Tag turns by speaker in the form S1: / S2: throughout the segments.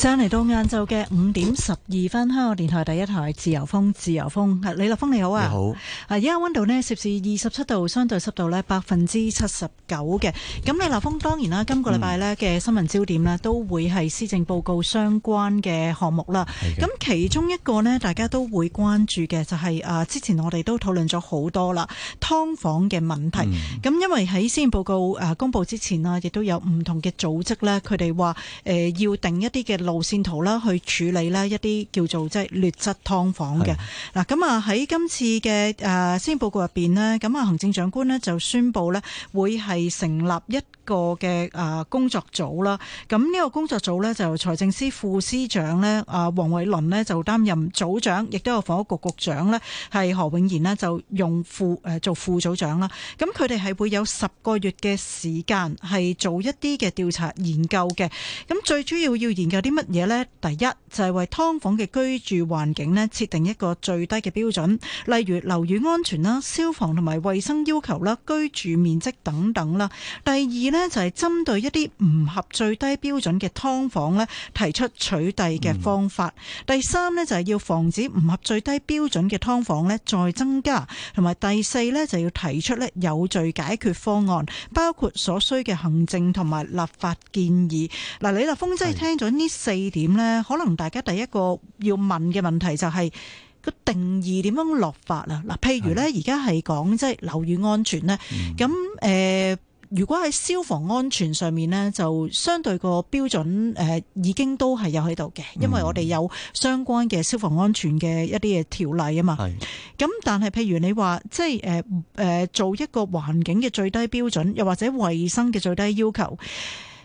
S1: 上嚟到晏晝嘅五點十二分，香港電台第一台《自由風》，自由風，李立峰你好啊！好。而家溫度呢，攝氏二十七度，相對濕度呢百分之七十九嘅。咁李立峰當然啦，今個禮拜咧嘅、嗯、新聞焦點啦都會係施政報告相關嘅項目啦。咁的其中一個呢大家都會關注嘅就係、是、啊之前我哋都討論咗好多啦，劏房嘅問題。咁、嗯、因為喺施政報告公布之前啦，亦都有唔同嘅組織咧，佢哋話誒要定一啲嘅。路線圖啦，去處理咧一啲叫做即係劣質劏房嘅。嗱的，咁啊喺今次嘅誒施政報告入邊咧，咁啊行政長官咧就宣布咧會係成立一個嘅誒工作組啦。咁呢個工作組咧就財政司副司長咧啊黃偉綸咧就擔任組長，亦都有房屋局局長咧係何永賢咧就用副誒做副組長啦。咁佢哋係會有十個月嘅時間係做一啲嘅調查研究嘅。咁最主要要研究啲咩？乜嘢咧？第一就係、是、為劏房嘅居住環境咧設定一個最低嘅標準，例如樓宇安全啦、消防同埋衛生要求啦、居住面積等等啦。第二就係、是、針對一啲唔合最低標準嘅劏房提出取締嘅方法。嗯、第三就係、是、要防止唔合最低標準嘅劏房再增加，同埋第四咧就是、要提出有序解決方案，包括所需嘅行政同埋立法建議。嗱，李立峰即係聽咗呢四四點咧，可能大家第一個要問嘅問題就係個定義點樣落法啊？嗱，譬如咧，而家係講即係樓宇安全咧，咁誒的、呃，如果喺消防安全上面咧，就相對個標準誒，已經都係有喺度嘅，因為我哋有相關嘅消防安全嘅一啲嘅條例啊嘛。咁的但係譬如你話即係誒誒，做一個環境嘅最低標準，又或者衛生嘅最低要求，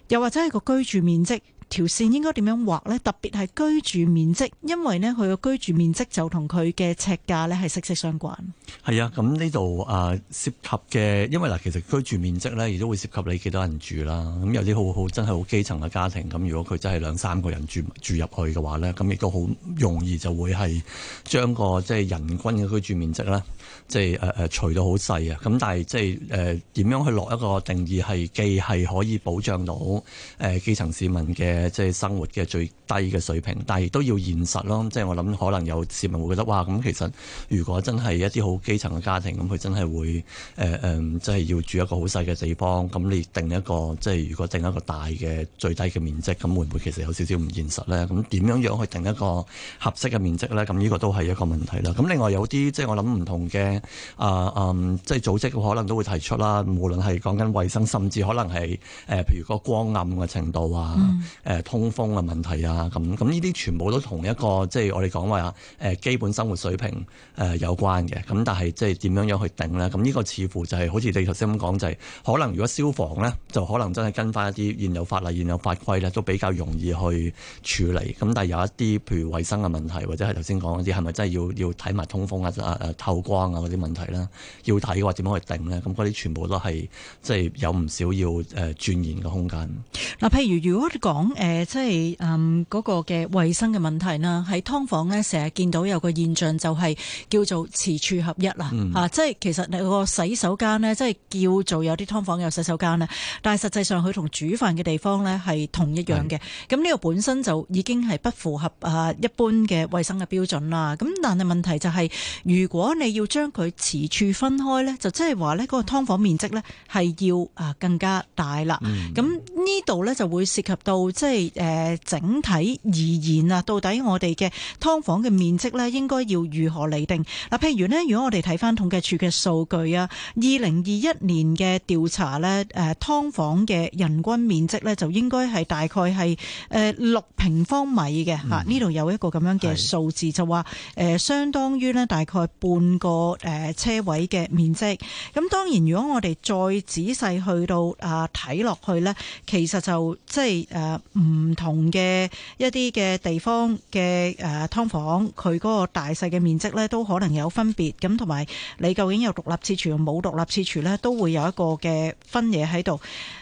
S1: 又或者係個居住面積。條線應該點樣畫咧？特別係居住面積，因為呢，佢嘅居住面積就同佢嘅尺價咧係息息相關。
S2: 係啊，咁呢度啊涉及嘅，因為嗱，其實居住面積咧亦都會涉及你幾多人住啦。咁有啲好好真係好基層嘅家庭，咁如果佢真係兩三個人住住入去嘅話咧，咁亦都好容易就會係將個即係人均嘅居住面積咧，即係誒誒除到好細啊。咁、啊、但係即係誒點樣去落一個定義係既係可以保障到誒、啊、基層市民嘅。誒，即係生活嘅最低嘅水平，但亦都要現實咯。即係我諗，可能有市民會覺得，哇！咁其實如果真係一啲好基層嘅家庭，咁佢真係會誒誒、呃，即係要住一個好細嘅地方。咁你定一個即係如果定一個大嘅最低嘅面積，咁會唔會其實有少少唔現實咧？咁點樣樣去定一個合適嘅面積咧？咁呢個都係一個問題啦。咁另外有啲即係我諗唔同嘅啊嗯，即係、呃、組織可能都會提出啦。無論係講緊衛生，甚至可能係呃、譬如個光暗嘅程度啊。嗯誒通風嘅問題啊，咁咁呢啲全部都同一個，即係我哋講話誒基本生活水平誒有關嘅。咁但係即係點樣樣去定呢？咁呢個似乎就係好似你頭先咁講，就係可能如果消防呢，就可能真係跟翻一啲現有法例、現有法規咧，都比較容易去處理。咁但係有一啲譬如衞生嘅問題，或者係頭先講嗰啲，係咪真係要要睇埋通風啊、透光啊嗰啲問題呢？要睇嘅話點樣去定呢？咁嗰啲全部都係即係有唔少要誒鑽研嘅空間。
S1: 嗱，譬如如果講誒、呃，即係嗯嗰個嘅衛生嘅問題啦，喺劏房咧，成日見到有個現象就係叫做廁廚合一啦，吓、嗯啊、即係其實你個洗手間咧，即係叫做有啲劏房有洗手間咧，但係實際上佢同煮飯嘅地方咧係同一樣嘅。咁呢是個本身就已經係不符合啊一般嘅衛生嘅標準啦。咁但係問題就係、是，如果你要將佢廁廚分開咧，就即係話咧個劏房面積咧係要啊更加大啦。咁、嗯、呢度咧就會涉及到即係。即係誒，整體而言啊，到底我哋嘅劏房嘅面積呢，應該要如何厘定？嗱，譬如呢，如果我哋睇翻統計處嘅數據啊，二零二一年嘅調查呢，誒，劏房嘅人均面積呢，就應該係大概係誒六平方米嘅，吓、呢度，嗯、有一個咁樣嘅數字，是就話誒，相當於咧大概半個誒車位嘅面積。咁當然，如果我哋再仔細去到啊睇落去呢，其實就即係誒。呃唔同嘅一啲嘅地方嘅誒劏房，佢嗰個大細嘅面積咧都可能有分別，咁，同埋你究竟有獨立廁廚，冇獨立廁廚咧，都會有一個嘅分野喺度。誒、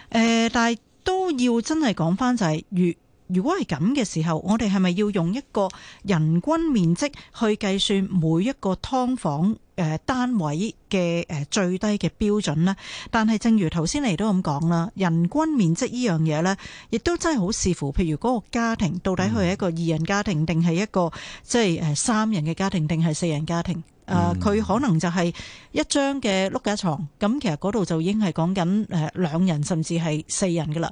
S1: 呃，但係都要真係講翻就係、是、如。如果係咁嘅時候，我哋係咪要用一個人均面積去計算每一個劏房誒單位嘅誒最低嘅標準呢？但係正如頭先你都咁講啦，人均面積呢樣嘢呢，亦都真係好視乎，譬如嗰個家庭到底佢係一個二人家庭，定係一個即係三人嘅家庭，定係四人家庭？誒、啊，佢可能就係一張嘅碌架床。咁其實嗰度就已經係講緊誒兩人，甚至係四人噶啦。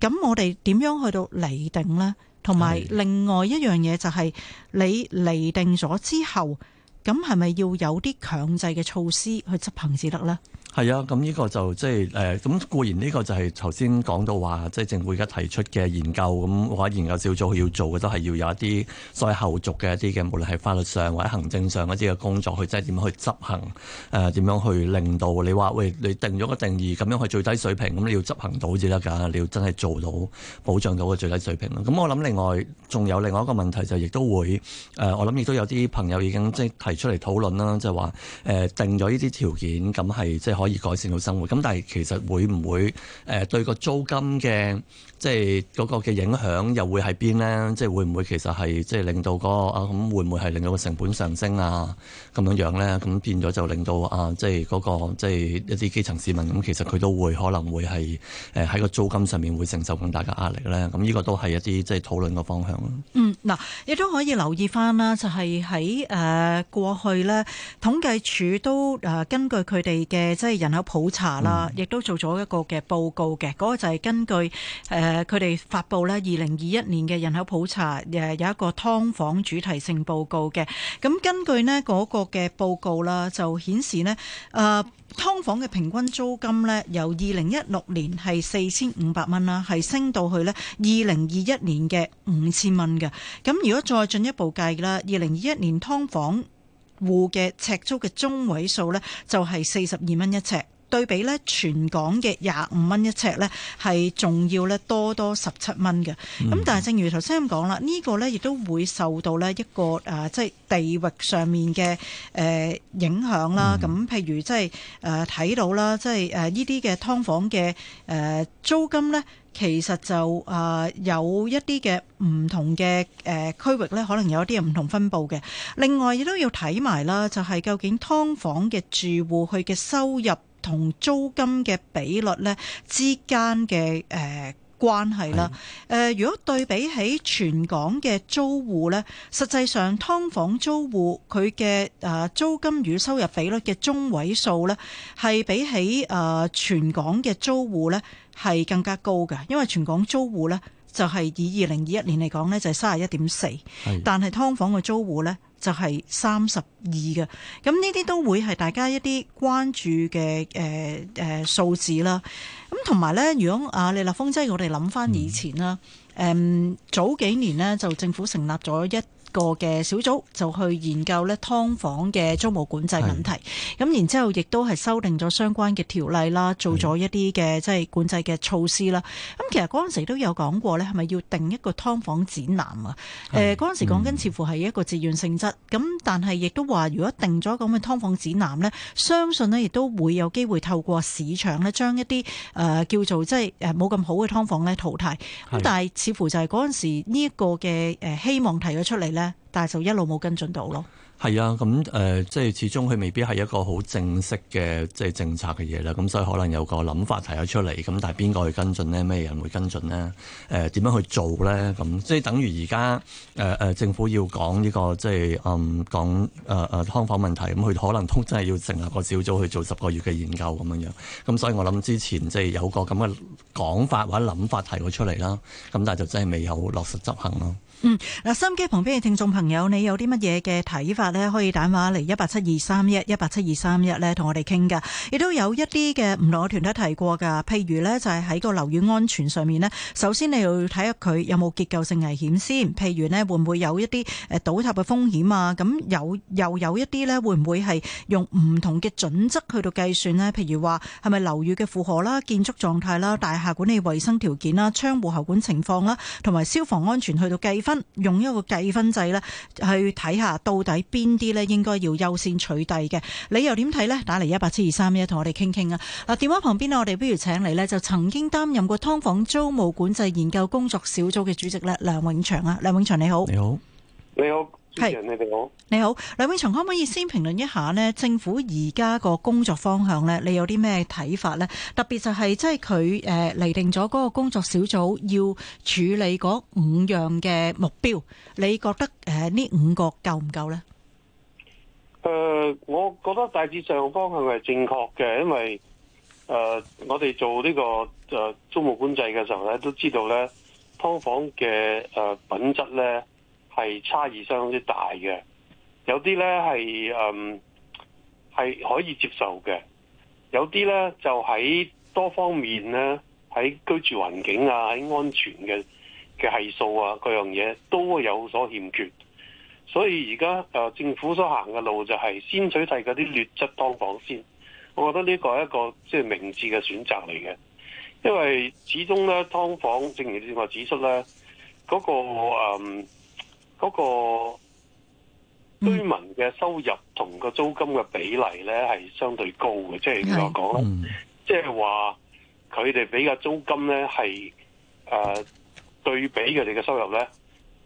S1: 咁我哋點樣去到釐定呢？同埋另外一樣嘢就係你釐定咗之後，咁係咪要有啲強制嘅措施去執行至得呢？
S2: 係啊，咁呢個就即係誒，咁、呃、固然呢個就係頭先講到話，即、就、係、是、政府而家提出嘅研究，咁或者研究小組要做，要做嘅都係要有一啲所謂後續嘅一啲嘅，無論係法律上或者行政上一啲嘅工作，去即係點樣去執行？誒、呃，點樣去令到你話喂，你定咗個定義咁樣去最低水平，咁你要執行到至得㗎，你要真係做到保障到個最低水平啦。咁我諗另外仲有另外一個問題就亦都會誒、呃，我諗亦都有啲朋友已經即提出嚟討論啦，就係、是、話、呃、定咗呢啲條件咁係即係。可以改善到生活，咁但係其實會唔會誒對個租金嘅？即係嗰個嘅影響又會喺邊呢？即係會唔會其實係即係令到個，啊咁會唔會係令到個成本上升啊，咁樣樣咧？咁變咗就令到啊，即係嗰個即係一啲基層市民咁，其實佢都會可能會係誒喺個租金上面會承受咁大嘅壓力咧。咁呢個都係一啲即係討論嘅方向。
S1: 嗯，嗱，亦都可以留意翻啦，就係喺誒過去咧，統計處都誒根據佢哋嘅即係人口普查啦，亦都做咗一個嘅報告嘅。嗰個就係根據誒。呃誒，佢哋發布咧二零二一年嘅人口普查，誒有一個劏房主題性報告嘅。咁根據咧嗰個嘅報告啦，就顯示咧，誒、呃、劏房嘅平均租金咧，由二零一六年係四千五百蚊啦，係升到去咧二零二一年嘅五千蚊嘅。咁如果再進一步計啦，二零二一年劏房戶嘅尺租嘅中位數咧，就係四十二蚊一尺。對比咧，全港嘅廿五蚊一尺咧，係仲要咧多多十七蚊嘅。咁但係，正如頭先咁講啦，呢個咧亦都會受到咧一個即係地域上面嘅誒影響啦。咁譬如即係誒睇到啦，即係誒呢啲嘅劏房嘅誒租金咧，其實就啊有一啲嘅唔同嘅誒區域咧，可能有一啲唔同分佈嘅。另外亦都要睇埋啦，就係究竟劏房嘅住戶佢嘅收入同租金嘅比率呢，之間嘅誒關係啦，誒、呃的呃，如果對比起全港嘅租戶呢，實際上劏房租戶佢嘅誒租金與收入比率嘅中位數呢，係比起誒、呃、全港嘅租戶呢，係更加高嘅。因為全港租戶呢，就係以二零二一年嚟講呢，就係三十一點四，但係劏房嘅租戶呢。就係三十二嘅，咁呢啲都會係大家一啲關注嘅誒誒數字啦。咁同埋咧，如果啊李立峯即係我哋諗翻以前啦，誒、嗯嗯、早幾年呢，就政府成立咗一個嘅小組就去研究咧劏房嘅租務管制問題，咁是然之後亦都係修訂咗相關嘅條例啦，做咗一啲嘅即係管制嘅措施啦。咁是其實嗰時時都有講過咧，係咪要定一個劏房指南啊？嗰時時講緊似乎係一個自願性質，咁但係亦都話如果定咗咁嘅劏房指南呢，相信呢亦都會有機會透過市場呢，將一啲叫做即係冇咁好嘅劏房咧淘汰。咁是但係似乎就係嗰時時呢一個嘅希望提咗出嚟但係就一路冇跟進到咯。
S2: 係啊，咁誒，即係始終佢未必係一個好正式嘅即係政策嘅嘢啦，咁所以可能有個諗法提咗出嚟，咁但係邊個去跟進呢？咩人會跟進呢？誒點樣去做呢？咁即係等於而家誒政府要講呢個即係誒講誒劏房問題，咁佢可能都真係要成立個小組去做十個月嘅研究咁樣。咁所以我諗之前即係有個咁嘅講法或者諗法提咗出嚟啦，咁但係就真係未有落實執行咯。嗯，
S1: 嗱，心機旁邊嘅聽眾朋友，你有啲乜嘢嘅睇法？咧可以打電話嚟一八七二三一一八七二三一咧，同我哋傾噶。亦都有一啲嘅、唔同嘅團體提過噶。譬如呢就係喺個樓宇安全上面呢，首先你要睇下佢有冇結構性危險先。譬如呢會唔會有一啲誒倒塌嘅風險啊？咁有又有一啲呢會唔會係用唔同嘅準則去到計算呢？譬如話係咪樓宇嘅負荷啦、建築狀態啦、大廈管理衛生條件啦、窗戶喉管情況啦，同埋消防安全去到計分，用一個計分制呢去睇下到底邊邊啲咧應該要優先取締嘅？你又點睇呢？打嚟一八七二三一，同我哋傾傾啊！嗱，電話旁邊我哋不如請嚟呢，就曾經擔任過劏房租務管制研究工作小組嘅主席咧，梁永祥啊，梁永祥你好，你
S3: 好，你好，係你好，
S1: 你好，梁永祥可唔可以先評論一下呢？政府而家個工作方向呢，你有啲咩睇法呢？特別就係、是、即係佢誒嚟定咗嗰個工作小組要處理嗰五樣嘅目標，你覺得誒呢、呃、五個夠唔夠呢？
S3: 誒，uh, 我覺得大致上方向係正確嘅，因為誒，uh, 我哋做呢、這個誒租、uh, 務管制嘅時候咧，都知道咧，劏房嘅誒、uh, 品質咧係差異相當之大嘅，有啲咧係誒係可以接受嘅，有啲咧就喺多方面咧喺居住環境啊，喺安全嘅嘅係數啊，嗰樣嘢都有所欠缺。所以而家誒政府所行嘅路就係先取締嗰啲劣質劏房先，我覺得呢個係一個即係明智嘅選擇嚟嘅，因為始終咧劏房正如你話指出咧，嗰個誒、嗯、嗰個居民嘅收入同個租金嘅比例咧係相對高嘅，即係你話講咧，即係話，佢哋畀嘅租金咧係誒對比佢哋嘅收入咧，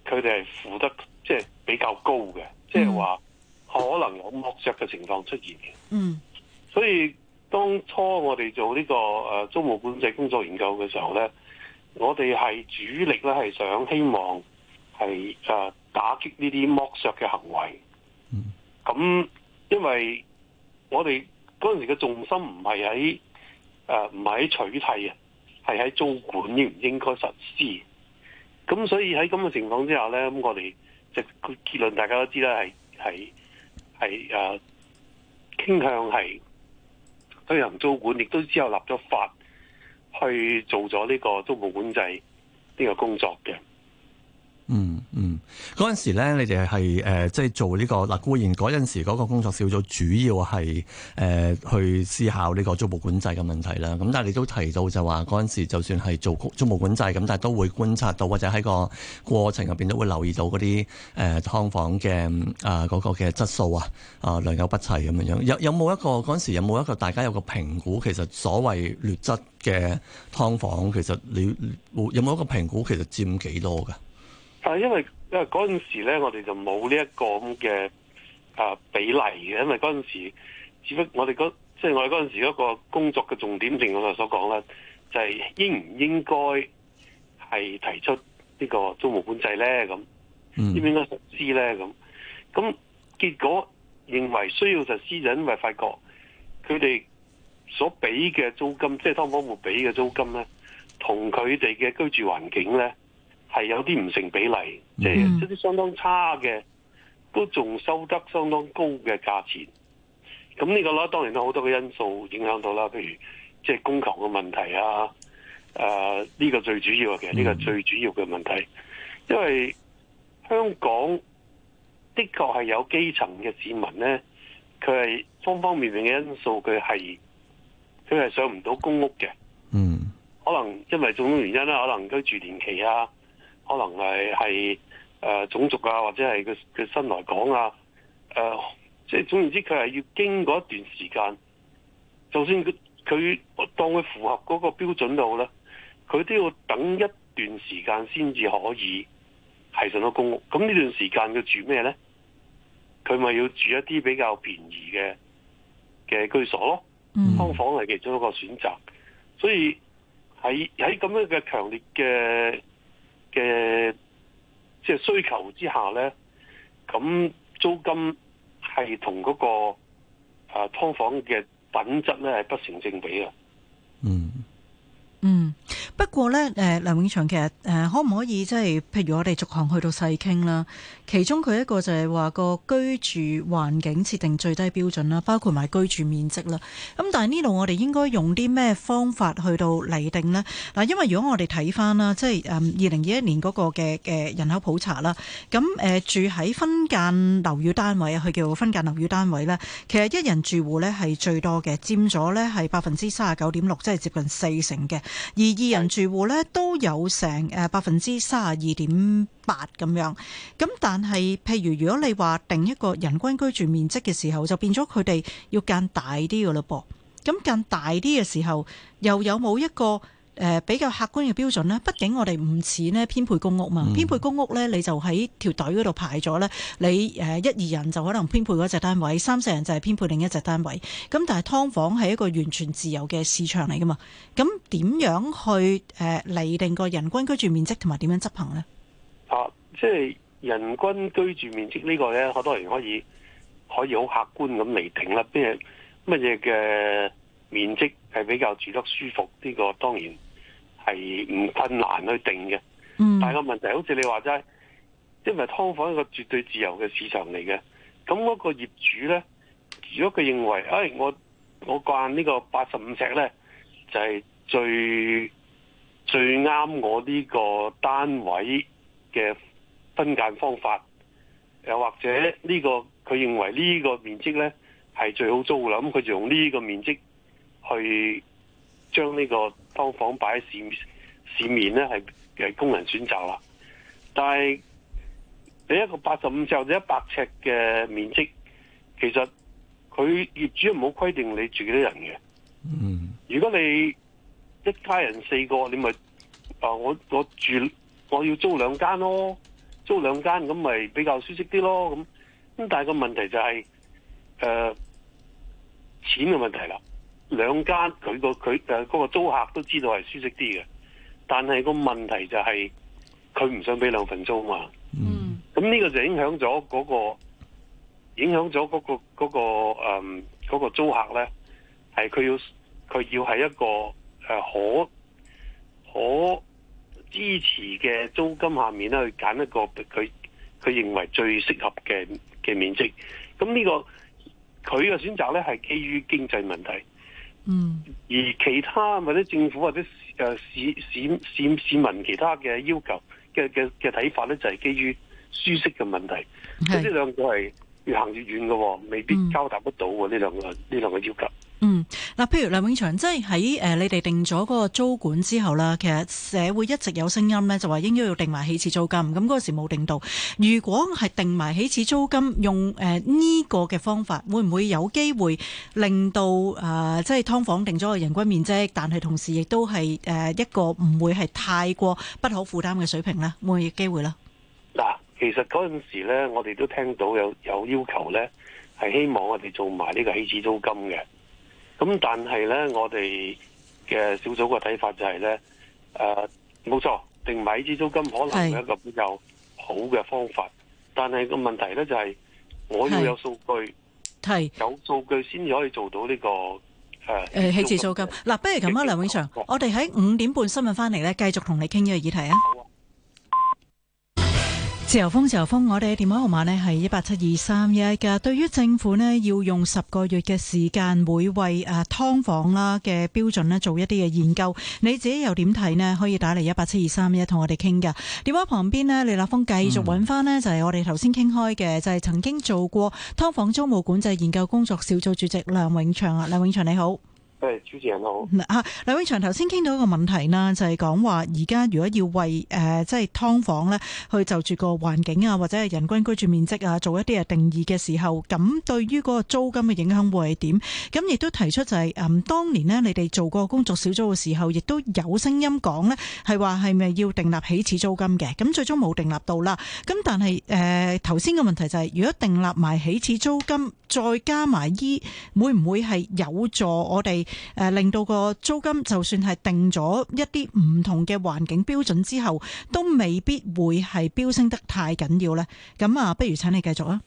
S3: 佢哋係付得。即係比較高嘅，即係話可能有剝削嘅情況出現嘅。嗯，所以當初我哋做呢個誒租務管制工作研究嘅時候咧，我哋係主力咧係想希望係誒打擊呢啲剝削嘅行為。嗯，咁因為我哋嗰陣時嘅重心唔係喺誒唔係喺取締啊，係喺租管應唔應該實施。咁所以喺咁嘅情況之下咧，咁我哋。即個結論大家都知啦，係係係誒傾向係推行租管，亦都之後立咗法去做咗呢個租務管制呢個工作嘅。
S2: 嗰陣時咧，你哋係、呃、即係做呢、這個嗱固、呃、然嗰陣時嗰個工作小組，主要係誒、呃、去思考呢個租務管制嘅問題啦。咁但係你都提到就話嗰陣時，就算係做租務管制咁，但係都會觀察到或者喺個過程入面都會留意到嗰啲誒劏房嘅啊嗰個嘅質素啊啊良莠不齊咁樣樣，有有冇一個嗰陣時，有冇一個大家有個評估？其實所謂劣質嘅劏房，其實你有冇一個評估其實佔幾多㗎？但
S3: 係因為因為嗰陣時咧，我哋就冇呢一個咁嘅比例嘅，因為嗰陣時，只不過我哋嗰即係我哋陣時嗰個工作嘅重點，正如我所講啦，就係、是、應唔應該係提出呢個呢個租務管制咧？咁應唔應該實施咧？咁咁結果認為需要實施，就因為發覺佢哋所俾嘅租金，即係劏房戶俾嘅租金咧，同佢哋嘅居住環境咧。係有啲唔成比例，即係一啲相當差嘅，都仲收得相當高嘅價錢。咁呢個啦，當然都好多嘅因素影響到啦，譬如即係供求嘅問題啊。誒、呃，呢、呢個最主要嘅，其實呢個最主要嘅問題，嗯、因為香港的確係有基層嘅市民咧，佢係方方面面嘅因素，佢係佢係上唔到公屋嘅。嗯，可能因為種種原因啦，可能佢住年期啊。可能係係誒，種族啊，或者係佢嘅新來港啊，誒即係總言之，佢係要經過一段時間，就算佢佢當佢符合嗰個標準都好，佢都要等一段時間先至可以係上到公屋。咁呢段時間佢住咩咧？佢咪要住一啲比較便宜嘅嘅居所咯，劏房係其中一個選擇。所以喺喺咁樣嘅強烈嘅嘅即係需求之下咧，咁租金係同嗰個啊劏房嘅品質咧係不成正比嘅。嗯嗯。
S1: 嗯不過呢，誒梁永祥其實誒可唔可以即係，譬如我哋逐項去到細傾啦。其中佢一個就係話個居住環境設定最低標準啦，包括埋居住面積啦。咁但係呢度我哋應該用啲咩方法去到釐定呢？嗱，因為如果我哋睇翻啦，即係誒二零二一年嗰個嘅人口普查啦，咁誒住喺分間樓宇單位啊，佢叫分間樓宇單位呢，其實一人住戶呢係最多嘅，佔咗呢係百分之三十九點六，即係接近四成嘅，而二人。住戶咧都有成誒百分之三十二點八咁樣，咁但係譬如如果你話定一個人均居住面積嘅時候，就變咗佢哋要間大啲嘅嘞噃，咁間大啲嘅時候又有冇一個？誒、呃、比較客觀嘅標準呢，畢竟我哋唔似呢編配公屋嘛，編配、嗯、公屋呢，你就喺條隊嗰度排咗呢，你誒一二人就可能編配嗰隻單位，三四人就係編配另一隻單位。咁、嗯、但係劏房係一個完全自由嘅市場嚟噶嘛，咁、嗯、點樣去誒釐定個人均居住面積同埋點樣執行呢？
S3: 啊，即係人均居住面積呢個呢，好多人可以可以好客觀咁釐定啦，咩乜嘢嘅面積係比較住得舒服？呢、這個當然。係唔困難去定嘅。嗯、但係個問題，好似你話齋，因為劏房係一個絕對自由嘅市場嚟嘅，咁、那、嗰個業主呢，如果佢認為，誒、哎，我我慣呢個八十五尺呢，就係、是、最最啱我呢個單位嘅分間方法，又或者呢、這個佢認為呢個面積呢係最好租啦，咁佢就用呢個面積去將呢、這個劏房擺喺市市面咧，係誒工人選擇啦。但係你一個八十五尺或者一百尺嘅面積，其實佢業主唔好規定你住幾多人嘅。嗯，如果你一家人四個，你咪啊我我住我要租兩間咯，租兩間咁咪比較舒適啲咯。咁咁但係個問題就係誒錢嘅問題啦。兩間佢個佢，誒嗰個租客都知道係舒適啲嘅，但係個問題就係佢唔想俾兩份租嘛。咁呢、嗯、個就影響咗嗰個影響咗嗰個嗰、嗰個誒嗰、嗯嗰個租客咧，係佢要佢要係一個誒、呃、可可支持嘅租金下面咧去揀一個佢佢認為最適合嘅嘅面積。咁、呢個、呢個佢嘅選擇咧係基於經濟問題。嗯，而其他或者政府或者誒市，市市市市民其他嘅要求嘅嘅嘅睇法咧，就係基於舒適嘅問題。即係呢兩個係越行越遠嘅，未必交達得到呢兩、嗯、個呢兩個要求。
S1: 嗯，嗱，譬如梁永祥，即係喺誒，你哋定咗嗰個租管之後啦，其實社會一直有聲音咧，就話應該要定埋起始租金，咁嗰時冇定到。如果係定埋起始租金，用誒呢個嘅方法，會唔會有機會令到誒即係劏房定咗個人均面積，但係同時亦都係誒一個唔會係太過不可負擔嘅水平咧？會唔會有機會咧？
S3: 嗱，其實嗰陣時咧，我哋都聽到有有要求咧，係希望我哋做埋呢個起始租金嘅。咁但係咧，我哋嘅小組個睇法就係、是、咧，誒、呃，冇錯，定買起始租金可能係一個比較好嘅方法，是但係個問題咧就係我要有數據，係有數據先至可以做到呢、這個誒。誒、啊，起始租
S1: 金嗱、啊啊，不如今晚梁永祥，嗯、我哋喺五點半新聞翻嚟咧，繼續同你傾呢個議題啊。自由風，自由風，我哋嘅電話號碼呢係一八七二三一㗎。對於政府呢，要用十個月嘅時間，會為誒劏房啦嘅標準呢做一啲嘅研究，你自己又點睇呢？可以打嚟一八七二三一同我哋傾㗎。電話旁邊呢，李立峰繼續揾翻呢，嗯、就係我哋頭先傾開嘅，就係曾經做過劏房租務管制研究工作小組主席梁永祥啊，梁永祥你好。係，主持人好。啊，梁永祥，頭先傾到一個問題啦，就係講話而家如果要為誒即係劏房咧，去就住個環境啊，或者係人均居住面積啊，做一啲嘅定義嘅時候，咁對於嗰個租金嘅影響會係點？咁亦都提出就係誒，當年咧你哋做嗰個工作小組嘅時候，亦都有聲音講咧，係話係咪要訂立起始租金嘅？咁最終冇訂立到啦。咁但係誒頭先嘅問題就係，如果訂立埋起始租金，再加埋依，會唔會係有助我哋？誒，令到個租金就算係定咗一啲唔同嘅環境標準之後，都未必會係飆升得太緊要咧。咁啊，不如請你繼續啊。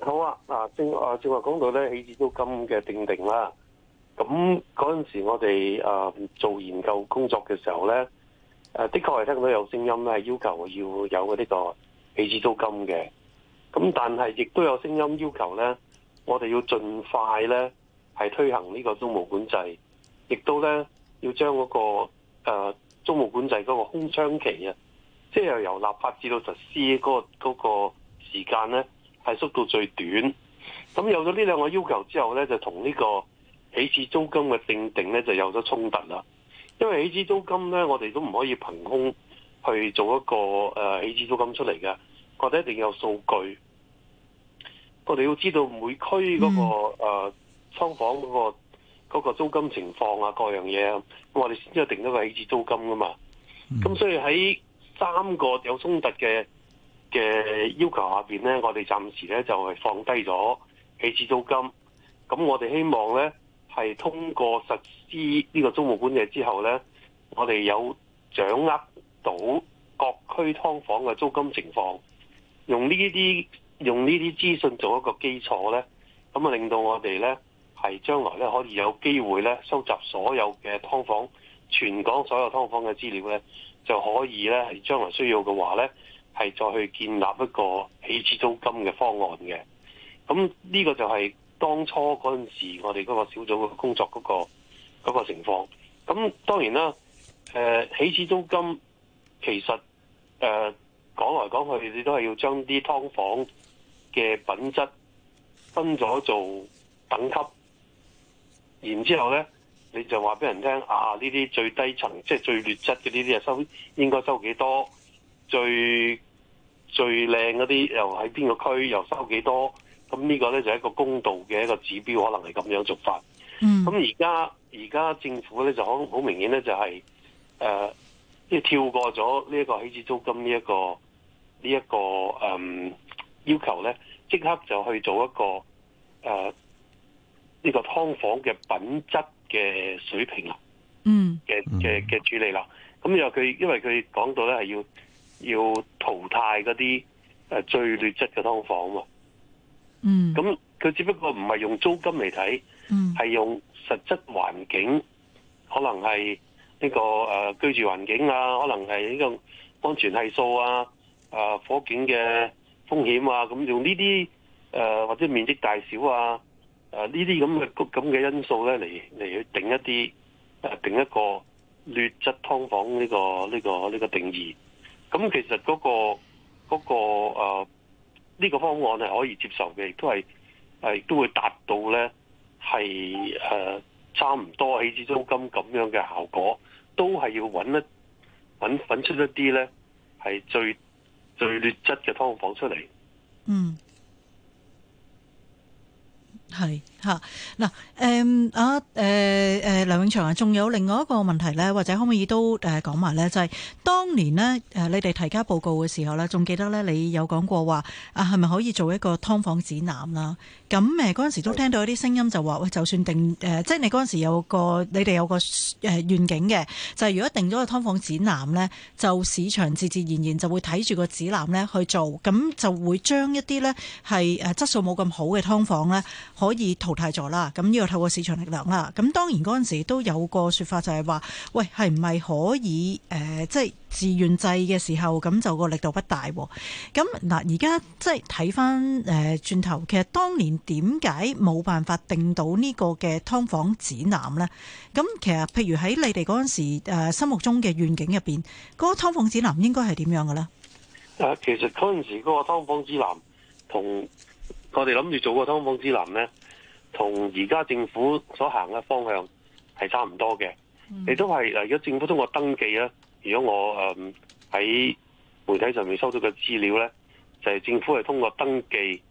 S3: 好啊，嗱，正，正定定啊，正話講到咧，起始租金嘅定定啦。咁嗰陣時，我哋啊做研究工作嘅時候咧，誒、啊，的確係聽到有聲音咧，係要求要有啲個起始租金嘅。咁但係亦都有聲音要求咧，我哋要盡快咧。係推行呢個租務管制，亦都咧要將嗰、那個租、啊、務管制嗰個空窗期啊，即、就、係、是、由立法至到實施嗰、那、嗰、個那個時間咧，係縮到最短。咁有咗呢兩個要求之後咧，就同呢個起始租金嘅定定咧就有咗衝突啦。因為起始租金咧，我哋都唔可以憑空去做一個誒、啊、起始租金出嚟嘅，我哋一定要有數據。我哋要知道每區嗰、那個、嗯劏房嗰個嗰個租金情況啊，各樣嘢，啊，我哋先至定咗個起始租金噶嘛。咁所以喺三個有衝突嘅嘅要求下邊咧，我哋暫時咧就係放低咗起始租金。咁我哋希望咧係通過實施呢個租務管理之後咧，我哋有掌握到各區劏房嘅租金情況，用呢啲用呢啲資訊做一個基礎咧，咁啊令到我哋咧，係將來咧可以有機會咧收集所有嘅㓥房，全港所有劏房嘅資料咧，就可以咧係將來需要嘅話咧，係再去建立一個起始租金嘅方案嘅。咁呢個就係當初嗰陣時我哋個小組嘅工作嗰個嗰個情況，咁當然啦，誒起始租金其實誒講來講去，你都係要將啲劏房嘅品質分咗做等級。然之後呢，你就話俾人聽啊！呢啲最低層，即係最劣質嘅呢啲啊，收應該收幾多？最最靚嗰啲又喺邊個區？又收幾多？咁呢個呢，就係、一個公道嘅一個指標，可能係咁樣做法。咁而家而家政府呢，就好好明顯呢、就係，就係誒，即係跳過咗呢一個起始租金呢、呢、一個呢一、呢個嗯、呃、要求呢即刻就去做一個誒。呃呢個劏房嘅品質嘅水平啦，嗯嘅嘅嘅處理啦，咁又佢因為佢講到咧係要要淘汰嗰啲誒最劣質嘅劏房喎，嗯，咁佢只不過唔係用租金嚟睇，嗯，係用實質環境，可能係呢個誒居住環境啊，可能係呢個安全係數啊，誒火警嘅風險啊，咁用呢啲誒或者面積大小啊。啊！呢啲咁嘅咁嘅因素咧，嚟嚟去定一啲，定一個劣質劏房呢個呢個呢個定義。咁其實嗰、嗰個、嗰個呢、啊呢個方案係可以接受嘅，亦都係係都會達到咧，係誒、啊、差唔多起始租金咁樣嘅效果，都係要揾一揾出一啲咧係最最劣質嘅劏房出嚟。嗯。
S1: 係嚇嗱誒啊誒梁永祥啊，仲有另外一個問題咧，或者可唔可以都誒講埋咧？就係、是、當年呢，誒，你哋提交報告嘅時候咧，仲記得咧，你有講過話啊，係咪可以做一個劏房指南啦？咁誒嗰陣時都聽到一啲聲音就話喂，就算定誒、呃，即係你嗰陣時有個你哋有個誒願景嘅，就係、是、如果定咗個劏房指南咧，就市場自自然然就會睇住個指南咧去做，咁就會將一啲咧係誒質素冇咁好嘅劏房咧。可以淘汰咗啦，咁呢個透過市場力量啦，咁當然嗰陣時都有個說法就係話，喂，係唔係可以誒、呃，即係自願制嘅時候，咁就個力度不大。咁嗱，而家即係睇翻誒轉頭，其實當年點解冇辦法定到呢個嘅㓥房指南呢？咁其實譬如喺你哋嗰陣時誒、呃、心目中嘅願景入邊，嗰劏房指南應該係點樣嘅呢？
S3: 其實嗰陣時嗰個劏房指南同，我哋諗住做個劏房之林咧，同而家政府所行嘅方向係差唔多嘅。亦都係，如果政府通過登記咧，如果我誒喺媒體上面收到嘅資料咧，就係、是、政府係通過登記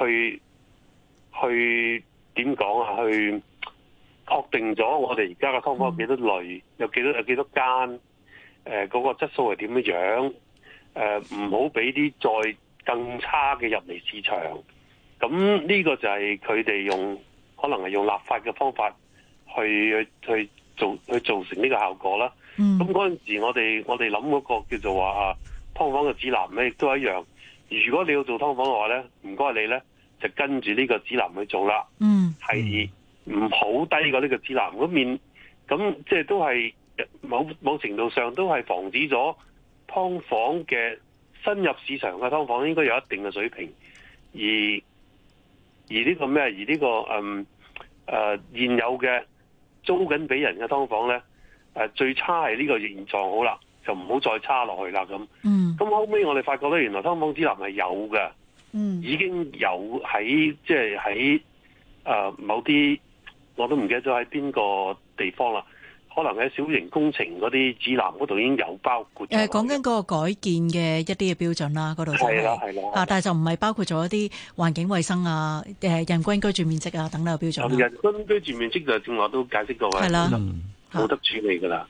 S3: 去去點講啊？去確定咗我哋而家嘅劏房有幾多類，有幾多有幾多間？嗰、那個質素係點樣，誒，唔好俾啲再更差嘅入嚟市場。咁呢個就係佢哋用可能係用立法嘅方法去去做去造成呢個效果啦。咁嗰、mm. 時時，我哋我哋諗嗰個叫做話啊，劏房嘅指南咧，亦都一樣。如果你要做劏房嘅話咧，唔該你咧，就跟住呢個指南去做啦。嗯、mm.，係唔好低過呢個指南嗰面。咁即係都係某某程度上都係防止咗劏房嘅新入市場嘅劏房應該有一定嘅水平，而而呢個咩？而呢、這個嗯誒、呃、現有嘅租緊俾人嘅劏房咧誒、呃、最差係呢個現狀好啦，就唔好再差落去啦咁。嗯，咁後尾我哋發覺咧，原來劏房指南係有嘅，嗯，已經有喺即係喺誒某啲我都唔記得咗喺邊個地方啦。可能喺小型工程嗰啲指南嗰度已經有包括誒、
S1: 講緊嗰個改建嘅一啲嘅標準啦，嗰度係啦係啦啊，但係就唔係包括咗一啲環境衛生啊、誒、呃，人均居住面積啊等等嘅標準，啊，人
S3: 均居住面積就正話都解釋過係啦，冇、啊、得處理㗎啦。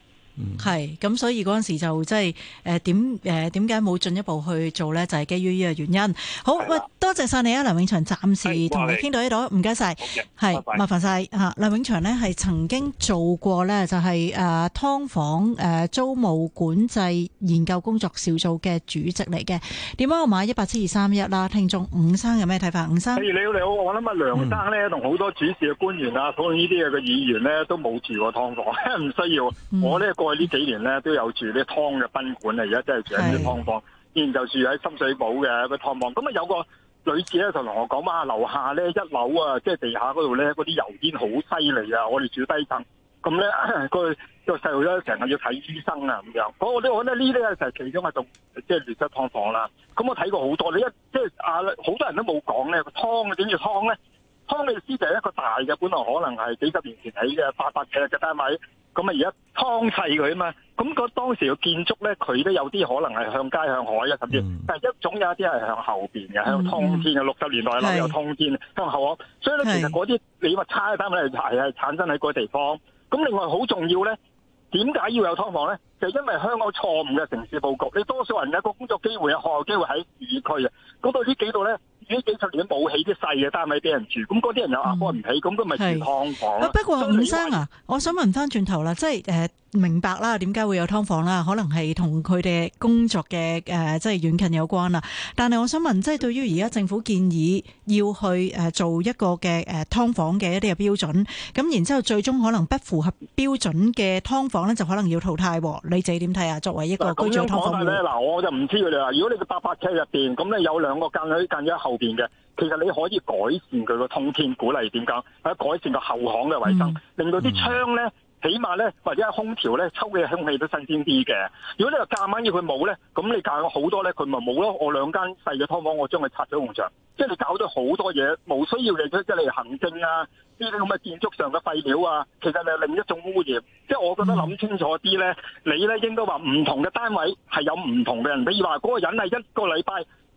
S1: 係，咁，嗯，所以嗰陣時就即係誒點誒點解冇進一步去做呢？就係，是，基於呢個原因。好，喂的，多謝晒你啊的，梁永祥，暫時同你傾到呢度，唔該晒。係，麻煩晒吓。梁永祥呢係曾經做過呢，就係誒劏房誒租務管制研究工作小組嘅主席嚟嘅。點解我買一八七二三一啦？1, 聽眾伍生有咩睇法？伍生，
S4: 嗯，你好，你好，我諗阿梁生呢，同好多主事嘅官員啊，討論呢啲嘢嘅議員呢，都冇住過劏房，唔需要。嗯，我咧。我呢幾年咧都有住啲劏嘅賓館啊，而家真係住喺啲劏房，以前就住喺深水埗嘅個劏房。咁啊有個女子咧就同我講話，樓下咧一樓啊，即係地下嗰度咧，嗰啲油煙好犀利啊！我哋住低層，咁咧個個細路咧成日要睇醫生啊咁樣。我我覺得呢啲咧就係其中一種，即係劣質劏房啦。咁我睇過好多，你一即係啊好多人都冇講咧，劏嘅整住劏咧。康利斯就係一個大嘅，本來可能係幾十年前起嘅，八百尺嘅單位，咁啊而家劏砌佢啊嘛，咁個當時嘅建築咧，佢都有啲可能係向街、向海啊，甚至、嗯，但係一種有一啲係向後邊嘅，向通天嘅，六十年代樓有通天，嗯、向後是所以咧其實嗰啲你話差嘅單位係係產生喺嗰地方，咁另外好重要咧，點解要有劏房咧？就是、因為香港錯誤嘅城市布局，你多數人有個工作機會、有學校機會喺市區啊，咁到呢幾度咧？如果幾十年冇起啲細嘅單位俾人住，咁嗰啲人又話過唔起，咁佢咪住劏房，啊、不過
S1: 吳生啊，我想問翻轉頭啦，即係誒。呃明白啦，點解會有劏房啦？可能係同佢哋工作嘅誒，即係遠近有關啦。但係我想問，即係對於而家政府建議要去誒做一個嘅誒劏房嘅一啲嘅標準，咁然之後最終可能不符合標準嘅劏房咧，就可能要淘汰。你哋點睇啊？作為一個居住劏房咧，嗱，
S4: 我就唔知佢哋話，如果你個八百尺入邊咁咧，有兩個間佢間咗後邊嘅，其實你可以改善佢個通天鼓嚟點講？喺改善個後巷嘅衞生，令到啲窗咧。起碼咧，或者喺空調咧，抽嘅空氣都新鮮啲嘅。如果你話夾硬要佢冇咧，咁你夾咗好多咧，佢咪冇咯？我兩間細嘅劏房，我將佢拆咗紅牆，即係你搞咗好多嘢，冇需要嘅，即係你行政啊，呢啲咁嘅建築上嘅廢料啊，其實係另一種污染。即係我覺得諗清楚啲咧，你咧應該話唔同嘅單位係有唔同嘅人。比如話嗰個人係一個禮拜，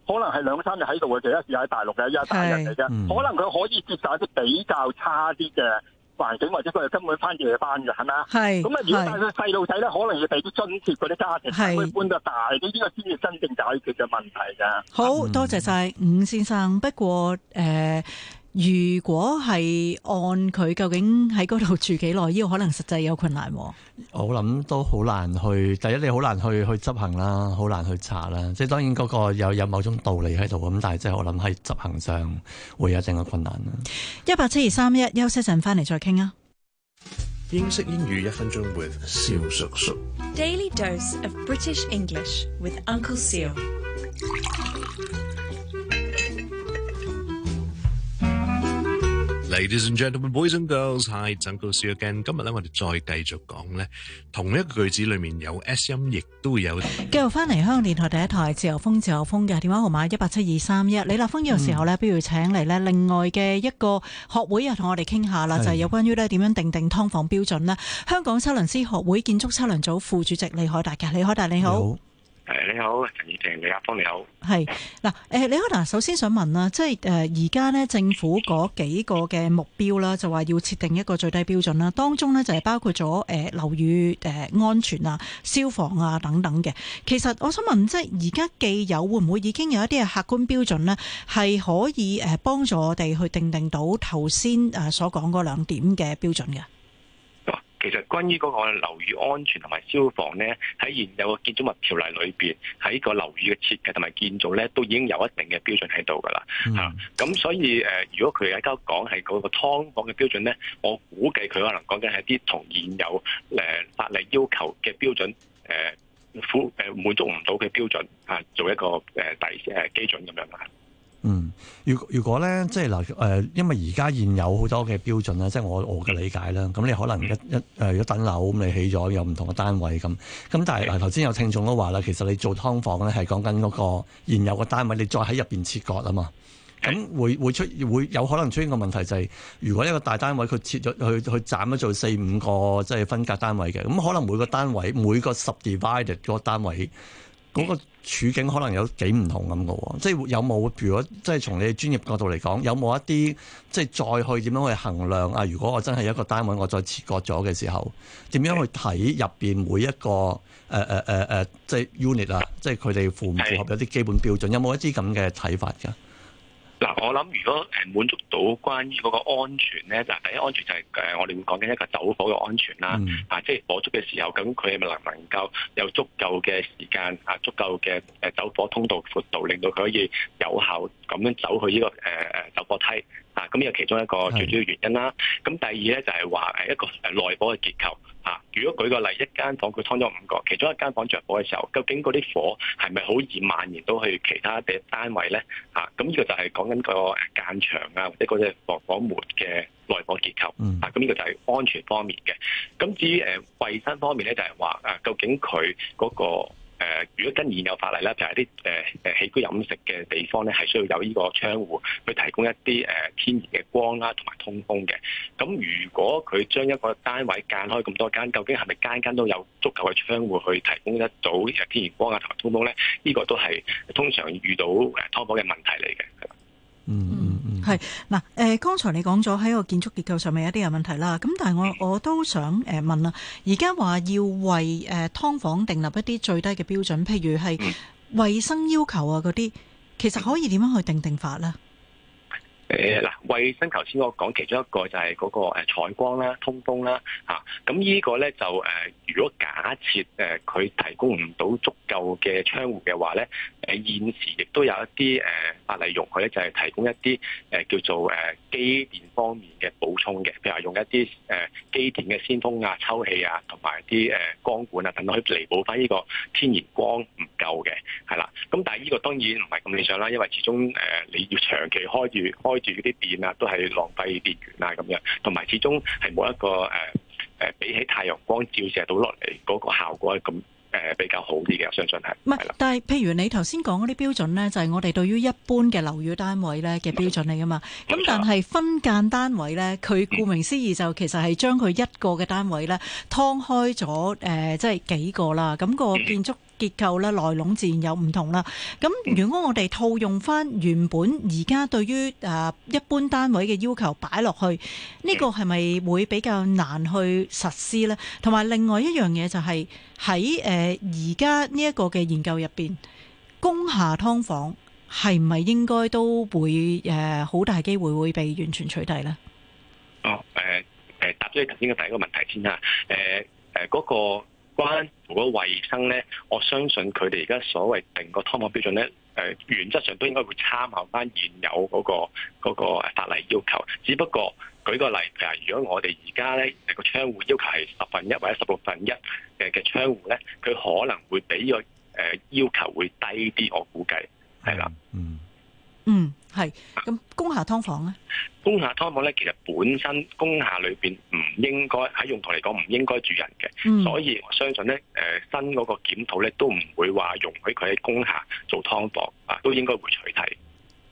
S4: 可能係兩三日喺度嘅，其一次喺大陸嘅，一日大人嚟嘅，嗯、可能佢可以接受一啲比較差啲嘅。環境或者佢哋根本翻夜班嘅係咪啊？係咁啊！是如果帶個細路仔咧，可能要俾啲津貼嗰啲家庭，先是可以搬到大啲，呢個先至真正解決嘅問題㗎。好多
S1: 謝晒伍先生。不過誒。呃如果係按佢究竟喺嗰度住幾耐，呢個可能實際有困難啊。
S2: 我諗都好難去，第一你好難去去執行啦，好難去查啦。即係當然嗰個有有某種道理喺度咁，但係即係我諗喺執行上會有一定嘅困難
S1: 啊。一八七二三一，休息陣翻嚟再傾啊！
S2: 英式英語一分鐘 with 肖叔叔
S5: ，Daily
S6: dose of British English with Uncle Siu
S3: Ladies and gentlemen, boys and girls, hi，thank you so again。今日咧，我哋再繼續講咧，同一個句子裏面有 S 音，亦都有。
S1: 繼續翻嚟香港電台第一台自由風，自由風嘅電話號碼一八七二三一。李立峰呢個時候咧，不、嗯、如請嚟咧另外嘅一個學會啊，同我哋傾下啦，就係、是、有關於咧點樣定定劏房標準咧。是的香港測量師學會建築測量組副主席李海達嘅，李海達你好！你好
S7: 誒，你好，陳
S1: 綺婷，李阿方你好。係嗱，誒，你好，嗱，首先想問啦，即係誒，而家呢政府嗰幾個嘅目標啦，就話要設定一個最低標準啦，當中呢就係包括咗誒樓宇誒、呃、安全啊、消防啊等等嘅。其實我想問，即係而家既有會唔會已經有一啲嘅客觀標準呢，係可以誒幫助我哋去定定到頭先誒所講嗰兩點嘅標準嘅？
S7: 其實，關於嗰個樓宇安全同埋消防咧，喺現有嘅建築物條例裏邊，喺個樓宇嘅設計同埋建造咧，都已經有一定嘅標準喺度噶啦嚇。咁、mm. 啊、所以誒、呃，如果佢而家講係嗰個劏房嘅標準咧，我估計佢可能講緊係啲同現有誒、呃、法例要求嘅標準誒符誒滿足唔到嘅標準嚇、啊，做一個誒第誒基準咁樣啦。
S2: 嗯，如果如果咧，即係嗱，誒，因為而家現有好多嘅標準咧，即係我我嘅理解啦。咁你可能一一誒一棟樓咁，你起咗有唔同嘅單位咁，咁但係頭先有聽眾都話啦，其實你做劏房咧係講緊嗰個現有嘅單位，你再喺入邊切割啊嘛，咁會會出會有可能出現個問題就係，如果一個大單位佢切咗去去斬咗做四五個即係分隔單位嘅，咁可能每個單位每個 sub divided 個單位嗰個處境可能有幾唔同咁嘅喎，即係有冇？如果即係從你專業角度嚟講，有冇一啲即係再去點樣去衡量啊？如果我真係一個單位，我再切割咗嘅時候，點樣去睇入面每一個誒誒誒即係 unit 啊，即係佢哋符唔符合有啲基本標準？的有冇一啲咁嘅睇法㗎？
S7: 嗱，我諗如果誒滿足到關於嗰個安全咧，就第一安全就係誒我哋會講緊一個走火嘅安全啦，啊，mm. 即係火燭嘅時候，咁佢係咪能唔能夠有足夠嘅時間啊，足夠嘅走火通道闊度，令到佢可以有效咁樣走去呢個誒走火梯。啊，咁、這、呢個其中一個最主要的原因啦。咁是、啊、第二咧就係話誒一個誒耐火嘅結構。啊，如果舉個例，一間房佢劏咗五個，其中一間房着火嘅時候，究竟嗰啲火係咪好易蔓延到去其他嘅單位咧？啊，咁、啊、呢、這個就係講緊個間牆啊，或者嗰隻防火門嘅耐火結構。啊，咁、嗯、呢、啊這個就係安全方面嘅。咁、啊、至於誒衞生方面咧，就係話誒究竟佢嗰、那個。誒、呃，如果跟現有法例咧，就係啲誒誒起居飲食嘅地方咧，係需要有呢個窗戶去提供一啲誒、呃、天然嘅光啦，同埋通風嘅。咁如果佢將一個單位間開咁多間，究竟係咪間間都有足夠嘅窗戶去提供一組天然光啊同埋通風咧？呢、呢個都係通常遇到誒劏房嘅問題
S1: 嚟嘅。嗯、mm。Hmm. 係嗱，誒，剛才你講咗喺個建築結構上面有一啲嘅問題啦，咁但係我我都想誒問啦，而家話要為誒劏房訂立一啲最低嘅標準，譬如係衛生要求啊嗰啲，其實可以點樣去定定法咧？
S7: 誒嗱，衞生頭先我講其中一個就係嗰個誒採光啦、通風啦嚇，咁呢個咧就誒，如果假設誒佢提供唔到足夠嘅窗戶嘅話咧，誒現時亦都有一啲誒法例容許咧，就係提供一啲誒叫做誒機電方面嘅補充嘅，譬如話用一啲誒機電嘅鮮風啊、抽氣啊，同埋啲誒光管啊等等去彌補翻呢個天然光唔夠嘅，係啦。咁但係呢個當然唔係咁理想啦，因為始終誒你要長期開住開住嗰啲電啊，都係浪費電源啊，咁樣，同埋始終係冇一個誒誒、呃呃、比起太陽光照射到落嚟嗰個效果係咁誒比較好啲嘅，我相信係
S1: 唔係？但係是的譬如你頭先講嗰啲標準咧，就係、是、我哋對於一般嘅樓宇單位咧嘅標準嚟噶嘛。咁是但係分間單位咧，佢顧、嗯、名思義就其實係將佢一個嘅單位咧，劏開咗誒、呃，即係幾個啦。咁、那個建築、嗯。結構啦，內籠自然有唔同啦。咁如果我哋套用翻原本而家對於誒一般單位嘅要求擺落去，呢、呢個係咪會比較難去實施呢？同埋另外一樣嘢就係喺誒而家呢一個嘅研究入邊，公廈劏房係唔係應該都會誒好大機會會被完全取締呢？哦，
S7: 誒、呃、誒，答咗你頭先嘅第一個問題先啦。誒誒嗰關乎個衞生呢，我相信佢哋而家所謂定個劏房標準呢，誒、呃、原則上都應該會參考返現有嗰個嗰個法例要求。只不過舉個例，譬如果我哋而家呢誒個窗戶要求係十分一或者十六分一嘅嘅窗戶呢，佢可能會比個誒要求會低啲，我估計係啦，嗯，嗯。
S1: 嗯，係咁，工廈劏房咧，
S7: 工廈劏房咧，其實本身工廈裏邊唔應該喺用途嚟講唔應該住人嘅，嗯、所以我相信咧，誒，新嗰個檢討咧都唔會話容許佢喺工廈做劏房啊，都應該會取締、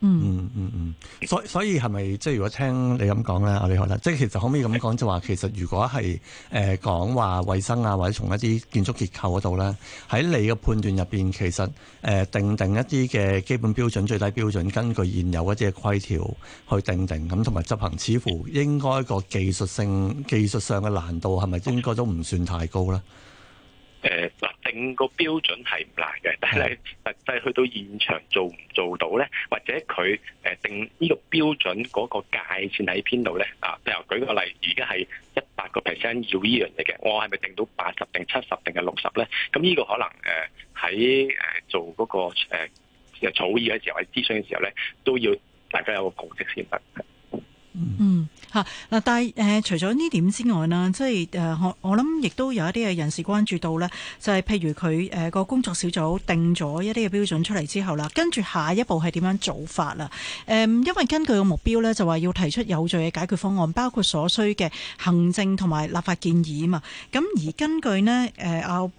S7: 嗯嗯。
S2: 嗯嗯嗯嗯。所所以係咪即係如果聽你咁講咧，我可能即係其實可唔可以咁講，就話、是、其實如果係誒講話衛生啊，或者從一啲建築結構嗰度咧，喺你嘅判斷入面，其實誒、呃、定定一啲嘅基本標準、最低標準，根據現有一啲嘅規條去定定咁，同埋執行，似乎應該一個技術性、技術上嘅難度係咪應該都唔算太高咧？
S7: 誒，嗱，定個標準係唔難嘅，但係實際去到現場做唔做到咧？或者佢誒定呢個標準嗰個界線喺邊度咧？啊，譬如舉個例，而家係一百個 percent 要呢樣嘢嘅，我係咪定到八十、定七十、定係六十咧？咁呢個可能誒喺誒做嗰個誒草擬嘅時候、喺諮詢嘅時候咧，都要大家有個共識先得。嗯。
S1: 嚇嗱、啊，但係誒、呃，除咗呢點之外呢，即係誒、呃，我我諗亦都有一啲嘅人士關注到呢，就係、是、譬如佢誒個工作小組定咗一啲嘅標準出嚟之後啦，跟住下一步係點樣做法啦？誒、嗯，因為根據個目標呢，就話要提出有序嘅解決方案，包括所需嘅行政同埋立法建議啊嘛。咁而根據呢，誒阿誒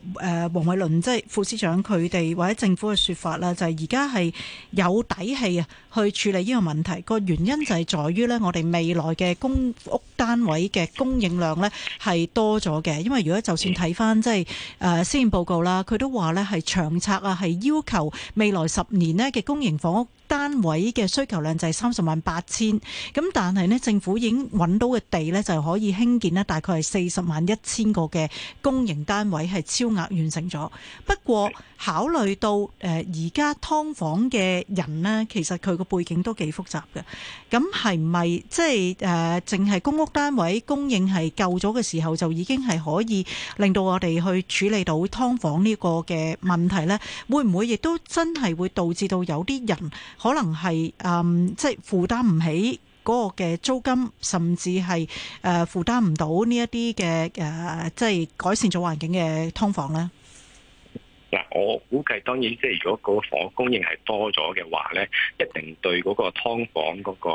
S1: 黃偉綸即係副司長佢哋或者政府嘅説法啦，就係而家係有底氣啊去處理呢個問題。個原因就係在於呢，我哋未來嘅公屋單位嘅供應量咧係多咗嘅，因為如果就算睇翻即係誒，施政報告啦，佢都話咧係長策啊，係要求未來十年呢嘅公營房屋單位嘅需求量就係三十萬八千，咁但係呢政府已經揾到嘅地呢，就可以興建呢大概係四十萬一千個嘅公營單位係超額完成咗。不過考慮到誒而家劏房嘅人呢，其實佢個背景都幾複雜嘅，咁係唔係即係誒淨係公屋單位供應係夠咗嘅時候，就已經係可以令到我哋去處理到劏房呢個嘅問題呢？會唔會亦都真係會導致到有啲人？可能係誒、嗯，即係負擔唔起嗰個嘅租金，甚至係誒、呃、負擔唔到呢一啲嘅誒，即係改善咗環境嘅劏房咧。
S7: 嗱，我估計當然，即係如果個房供應係多咗嘅話咧，一定對嗰個劏房嗰個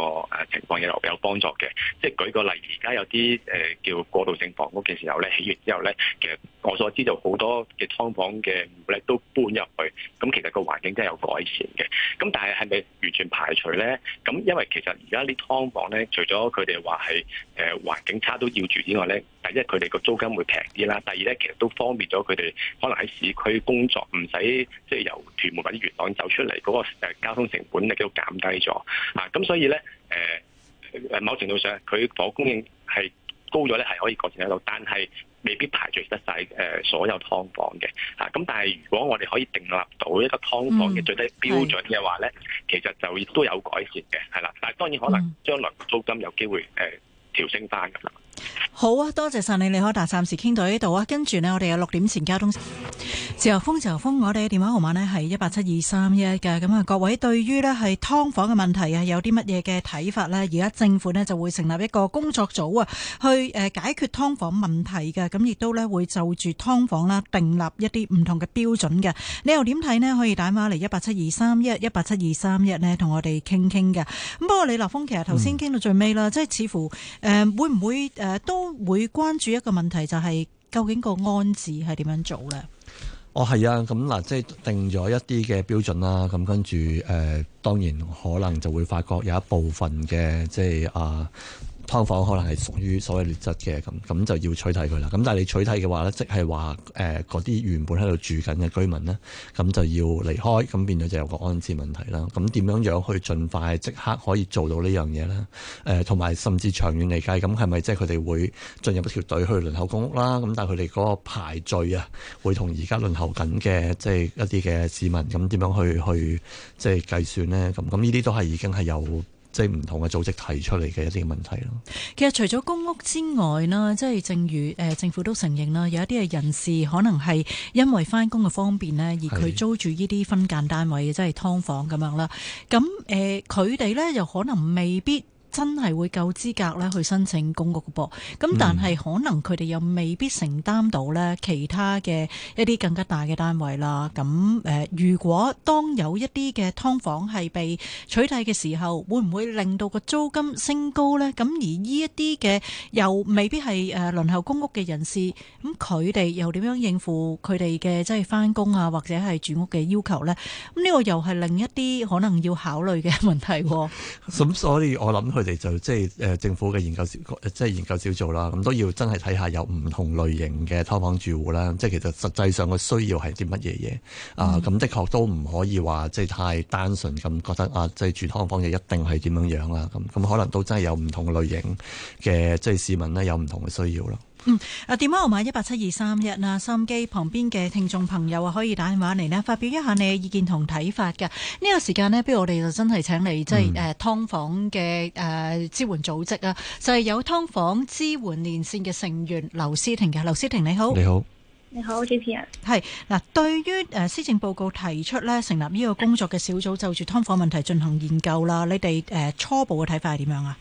S7: 情況有有幫助嘅。即係舉個例，而家有啲誒叫過渡性房屋嘅時候咧，起完之後咧，其實。我所知就好多嘅劏房嘅戶咧都搬入去，咁其實個環境真係有改善嘅。咁但係係咪完全排除咧？咁因為其實而家啲劏房咧，除咗佢哋話係誒環境差都要住之外咧，第一佢哋個租金會平啲啦，第二咧其實都方便咗佢哋可能喺市區工作，唔使即係由屯門或者元朗走出嚟嗰個誒交通成本咧都減低咗啊。咁所以咧誒誒某程度上佢房供應係高咗咧，係可以改善得到，但係。未必排除得晒誒所有劏房嘅嚇，咁但係如果我哋可以訂立到一個劏房嘅最低標準嘅話咧，嗯、其實就亦都有改善嘅係啦，但係當然可能將來租金有機會誒調升翻咁啦。嗯
S1: 好啊，多謝晒你，李海達暫時傾到呢度啊。跟住咧，我哋有六點前交通。自由風，自由風，我哋嘅電話號碼咧係一八七二三一一嘅。咁啊，各位對於咧係劏房嘅問題啊，有啲乜嘢嘅睇法咧？而家政府咧就會成立一個工作組啊，去誒解決劏房問題嘅。咁亦都咧會就住劏房啦，訂立一啲唔同嘅標準嘅。你又點睇咧？可以打電話嚟一八七二三一一八七二三一咧，同我哋傾傾嘅。咁不過李立峰，其實頭先傾到最尾啦，即係似乎誒會唔會誒都。都會關注一個問題，就係、是、究竟個安置係點樣做咧？
S2: 哦，係啊，咁嗱，即係定咗一啲嘅標準啦。咁跟住，誒、呃，當然可能就會發覺有一部分嘅，即係啊。呃房可能係屬於所謂劣質嘅咁，咁就要取締佢啦。咁但係你取締嘅話咧，即係話誒嗰啲原本喺度住緊嘅居民咧，咁就要離開，咁變咗就有個安置問題啦。咁點樣樣去盡快即刻可以做到呢樣嘢咧？誒、呃，同埋甚至長遠嚟計，咁係咪即係佢哋會進入一條隊去輪候公屋啦？咁但係佢哋嗰個排序啊，會同而家輪候緊嘅即係一啲嘅市民咁點樣去去即係、就是、計算咧？咁咁呢啲都係已經係有。即係唔同嘅組織提出嚟嘅一啲問題咯。
S1: 其實除咗公屋之外呢，即係正如誒、呃、政府都承認啦，有一啲嘅人士可能係因為返工嘅方便呢，而佢租住呢啲分間單位，即係劏房咁樣啦。咁誒，佢哋呢又可能未必。真係會夠資格咧去申請公屋嘅噃，咁但係可能佢哋又未必承擔到咧其他嘅一啲更加大嘅單位啦。咁誒如果當有一啲嘅劏房係被取締嘅時候，會唔會令到個租金升高咧？咁而呢一啲嘅又未必係誒輪候公屋嘅人士，咁佢哋又點樣應付佢哋嘅即係翻工啊或者係住屋嘅要求咧？咁、這、呢個又係另一啲可能要考慮嘅問題，咁
S2: 所以我諗。佢。我哋就即係誒，政府嘅研究小，即係研究小組做啦。咁都要真係睇下有唔同類型嘅劏房住戶啦。即係其實實際上嘅需要係啲乜嘢嘢啊？咁的確都唔可以話即係太單純咁覺得啊，即係住劏房就一定係點樣樣啦。咁咁、嗯啊、可能都真係有唔同類型嘅，即係市民咧有唔同嘅需要咯。
S1: 嗯，啊電話號碼一八七二三一，收音機旁邊嘅聽眾朋友啊，可以打電話嚟咧，發表一下你嘅意見同睇法嘅。呢、這個時間不如我哋就真係請你即係誒劏房嘅誒、啊、支援組織啊，就係、是、有劏房支援連線嘅成員劉偲婷嘅，劉偲婷你好，你好，你好主持人係嗱，對於誒施、啊、政報告提出呢成立呢個工作嘅小組就住劏房問題進行研究啦，你哋誒、啊、初步嘅睇法係點樣啊？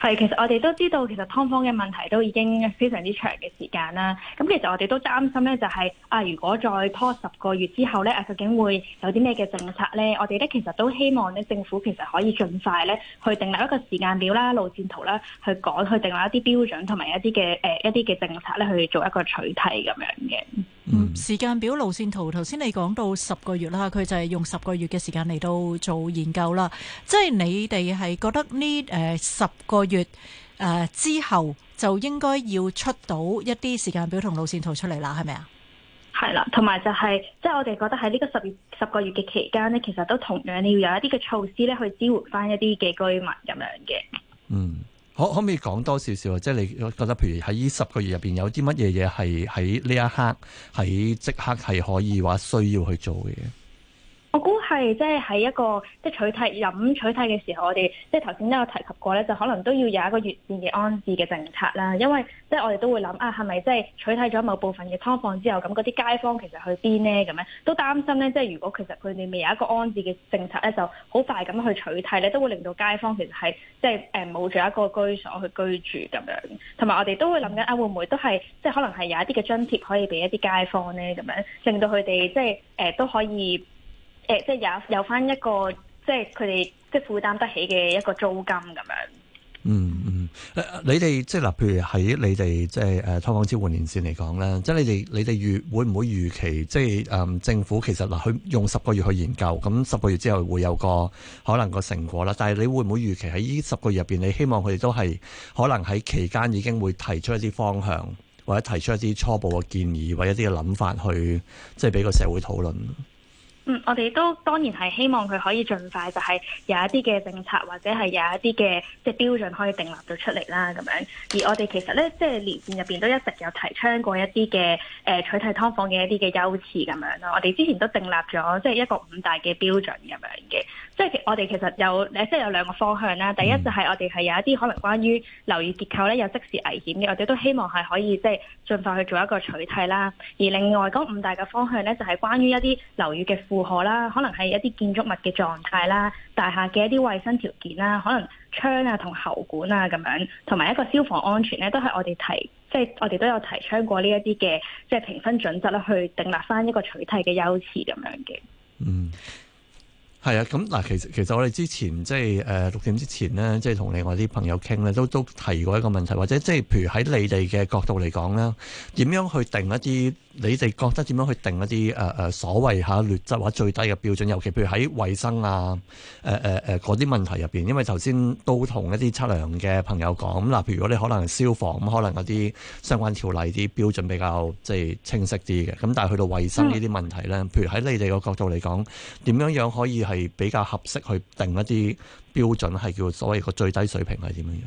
S6: 係，其實我哋都知道，其實劏房嘅問題都已經非常之長嘅時間啦。咁其實我哋都擔心咧，就係啊，如果再拖十個月之後咧，啊，究竟會有啲咩嘅政策咧？我哋咧其實都希望咧，政府其實可以盡快咧，去定立一個時間表啦、路線圖啦，去講去定立一啲標準同埋一啲嘅誒一啲嘅政策咧，去做一個取締咁樣
S1: 嘅。嗯，時間表、路線圖，頭先你講到十個月啦，佢就係用十個月嘅時間嚟到做研究啦。即係你哋係覺得呢誒十個月誒、呃、之後就
S6: 應該要出到一啲時間表同路綫圖出嚟啦，係咪啊？係啦，同埋就係即係我哋覺得喺呢個十月十個月嘅期間呢，其實都同樣你要有一啲嘅措施咧，去支援返一啲嘅居民咁樣嘅。嗯，可
S2: 可唔可以講多少少啊？即係你覺得，譬如喺呢十個月入邊有啲乜嘢嘢係喺呢一刻喺即刻係可以話需要去做嘅？
S6: 我估係即係喺一個即係取締飲取締嘅時候，我哋即係頭先都有提及過咧，就可能都要有一個月線嘅安置嘅政策啦。因為即係我哋都會諗啊，係咪即係取締咗某部分嘅劏房之後，咁嗰啲街坊其實去邊呢？咁樣都擔心咧，即係如果其實佢哋未有一個安置嘅政策咧，就好快咁去取締咧，都會令到街坊其實係即係誒冇咗一個居所去居住咁樣。同埋我哋都會諗緊啊，會唔會都係即係可能係有一啲嘅津貼可以俾一啲街坊咧？咁樣令到佢哋即係誒都可以。啊、即係有
S2: 有翻一個，即係佢哋即係負擔得起嘅一個租金咁樣。嗯嗯，誒、嗯，你哋即係嗱，譬如喺你哋即係誒，劏房支援連線嚟講咧，即係、啊、你哋你哋預會唔會預期，即係誒、嗯，政府其實嗱，佢用十個月去研究，咁十個月之後會有個可能個成果啦。但係你會唔會預期喺呢十個月入邊，你希望佢哋都係可能喺期間已經會提出一啲方向，或者提出一啲初步嘅建議，或者一啲嘅諗法去，即係俾個社會討論。
S6: 嗯，我哋都當然係希望佢可以盡快就係有一啲嘅政策或者係有一啲嘅即係標準可以訂立到出嚟啦咁樣。而我哋其實咧，即係連線入邊都一直有提倡過一啲嘅誒取締劏房嘅一啲嘅優次。咁樣咯。我哋之前都訂立咗即係一個五大嘅標準咁樣嘅，即、就、係、是、我哋其實有即係、就是、有兩個方向啦。第一就係我哋係有一啲可能關於樓宇結構咧，有即時危險嘅，我哋都希望係可以即係盡快去做一個取締啦。而另外嗰五大嘅方向咧，就係、是、關於一啲樓宇嘅如何啦？可能係一啲建築物嘅狀態啦，大廈嘅一啲衛生條件啦，可能窗啊同喉管啊咁樣，同埋一個消防安全咧，都係我哋提，即係我哋都有提倡過呢一啲嘅，即係評分準則啦，去定立翻一個取締嘅優次咁樣嘅。嗯，
S2: 係啊，咁嗱，其實其實我哋之前即係誒六點之前咧，即係同另外啲朋友傾咧，都都提過一個問題，或者即係譬如喺你哋嘅角度嚟講咧，點樣去定一啲？你哋覺得點樣去定一啲誒所謂嚇劣質或者最低嘅標準？尤其譬如喺衛生啊誒誒誒嗰啲問題入邊，因為頭先都同一啲測量嘅朋友講咁啦。譬如果你可能消防咁，可能嗰啲相關條例啲標準比較即係清晰啲嘅。咁但係去到衛生呢啲問題咧，嗯、譬如喺你哋個角度嚟講，點樣樣可以係比較合適去定一啲標準，係叫所謂個最低水平係點樣樣？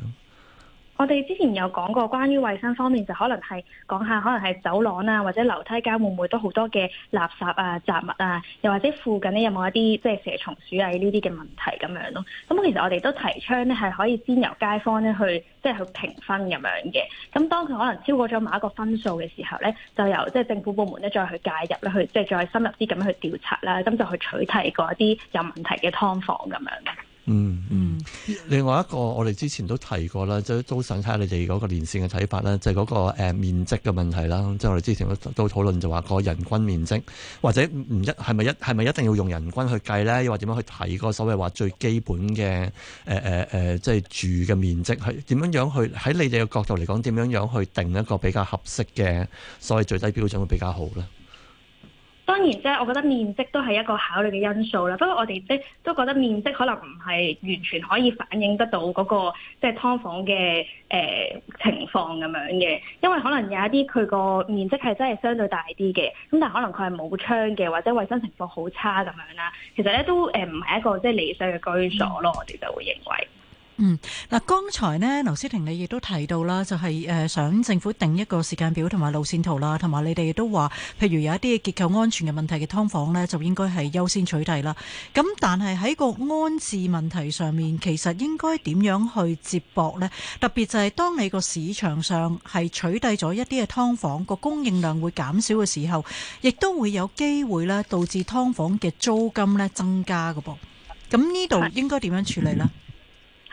S6: 我哋之前有講過關於衞生方面，就可能係講下，可能係走廊啊，或者樓梯間會唔會都好多嘅垃圾啊、雜物啊，又或者附近呢有冇一啲即係蛇、蟲、鼠蟻呢啲嘅問題咁樣咯。咁其實我哋都提倡呢係可以先由街坊咧去即係去評分咁樣嘅。咁當佢可能超過咗某一個分數嘅時候呢，就由即係政府部門咧再去介入咧，去即係再深入啲咁樣去調查啦，咁就去取締嗰一啲有問題嘅劏房咁樣。
S2: 嗯嗯，嗯另外一個我哋之前都提過啦，即都想睇下你哋嗰個連線嘅睇法啦，就係、誒、嗰個面積嘅問題啦。即係我哋之前都都討論就話個人均面積，或者唔一係咪一係咪一定要用人均去計咧？又或點樣去提個所謂話最基本嘅誒誒誒，即係住嘅面積係點樣樣去喺你哋嘅角度嚟講，點樣樣去定一個比較合適嘅所謂最低標準會比較好咧？
S6: 當然即係，我覺得面積都係一個考慮嘅因素啦。不過我哋即都覺得面積可能唔係完全可以反映得到嗰個即係劏房嘅誒情況咁樣嘅。因為可能有一啲佢個面積係真係相對大啲嘅，咁但係可能佢係冇窗嘅，或者衞生情況好差咁樣啦。其實呢都誒唔係一個即係理想嘅居所咯，我哋就會認為。
S1: 嗯，嗱，剛才呢，劉偲婷你亦都提到啦，就係、是、誒想政府定一個時間表同埋路線圖啦，同埋你哋亦都話，譬如有一啲結構安全嘅問題嘅劏房呢，就應該係優先取締啦。咁但係喺個安置問題上面，其實應該點樣去接駁呢？特別就係當你個市場上係取締咗一啲嘅劏房個供應量會減少嘅時候，亦都會有機會呢導致劏房嘅租金呢增加嘅噃。咁呢度應該點樣處
S6: 理呢？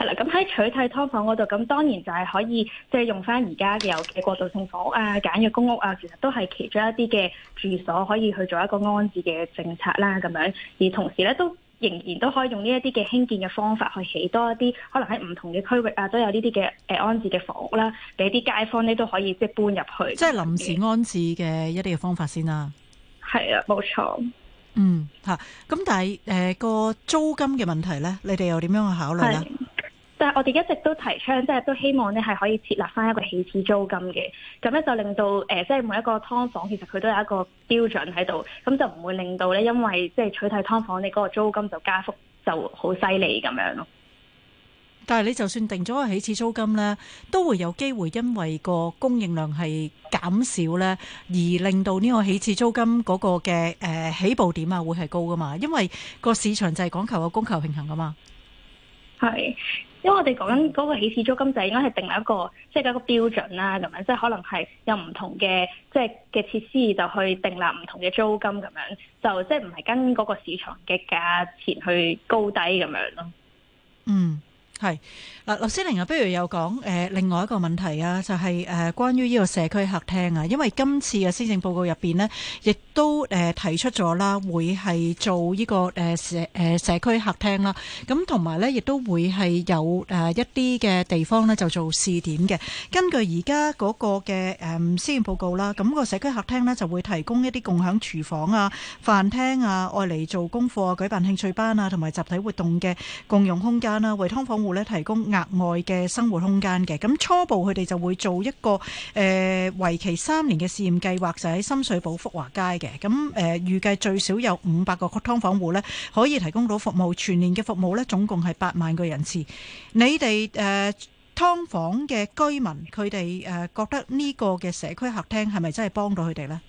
S6: 咁喺取替劏房嗰度，咁當然就係可以即係、就是、用翻而家嘅有嘅過渡性房屋啊、簡約公屋啊，其實都係其中一啲嘅住所可以去做一個安置嘅政策啦、啊。咁樣而同時咧，都仍然都可以用呢一啲嘅興建嘅方法去起多一啲可能喺唔同嘅區域啊，都有呢啲嘅誒安置嘅房屋啦，俾啲街坊咧都可以即係搬入去。
S1: 即係臨時安置嘅一啲嘅方法先啦。
S6: 係啊，冇
S1: 錯。嗯，嚇咁，但係誒個租金嘅問題咧，你哋又點樣
S6: 去考慮咧？但係我哋一直都提倡，即係都希望咧係可以設立翻一個起始租金嘅。咁咧，就令到誒，即係每一個劏房其實佢都有一個標準喺度，咁就唔會令到咧，因為即係取締劏房你嗰個租金就加幅就好犀利咁樣咯。
S1: 但係你就算定咗個起始租金咧，都會有機會因為個供應量係減少咧，而令到呢個起始租金嗰個嘅誒起步點啊，會係高噶嘛？因為個市場就係講求個供求平衡噶嘛，
S6: 係。因為我哋講緊嗰個起始租金就係應該係定立一個，即係嗰個標準啦，咁樣即係可能係有唔同嘅，即係嘅設施就去定立唔同嘅租金咁樣，就即係唔係跟嗰個市場嘅價錢去高低咁樣咯。嗯。
S1: 係嗱，劉偲婷啊，不如又講誒、呃、另外一個問題啊，就係、是、誒、呃、關於呢個社區客廳啊，因為今次嘅施政報告入邊咧，亦都誒、呃、提出咗啦，會係做呢、這個誒、呃、社誒、呃、社區客廳啦，咁同埋咧亦都會係有誒、呃、一啲嘅地方咧就做試點嘅。根據而家嗰個嘅誒、呃、施政報告啦，咁、那個社區客廳咧就會提供一啲共享廚房啊、飯廳啊、愛嚟做功課啊舉辦興趣班啊、同埋集體活動嘅共用空間啦、啊，為劏房咧提供額外嘅生活空間嘅，咁初步佢哋就會做一個誒為期三年嘅試驗計劃，就喺深水埗福華街嘅，咁誒預計最少有五百個劏房戶呢可以提供到服務，全年嘅服務呢總共係八萬個人次。你哋誒劏房嘅居民，佢哋誒覺得呢個嘅社區客廳係咪真係幫到佢哋呢？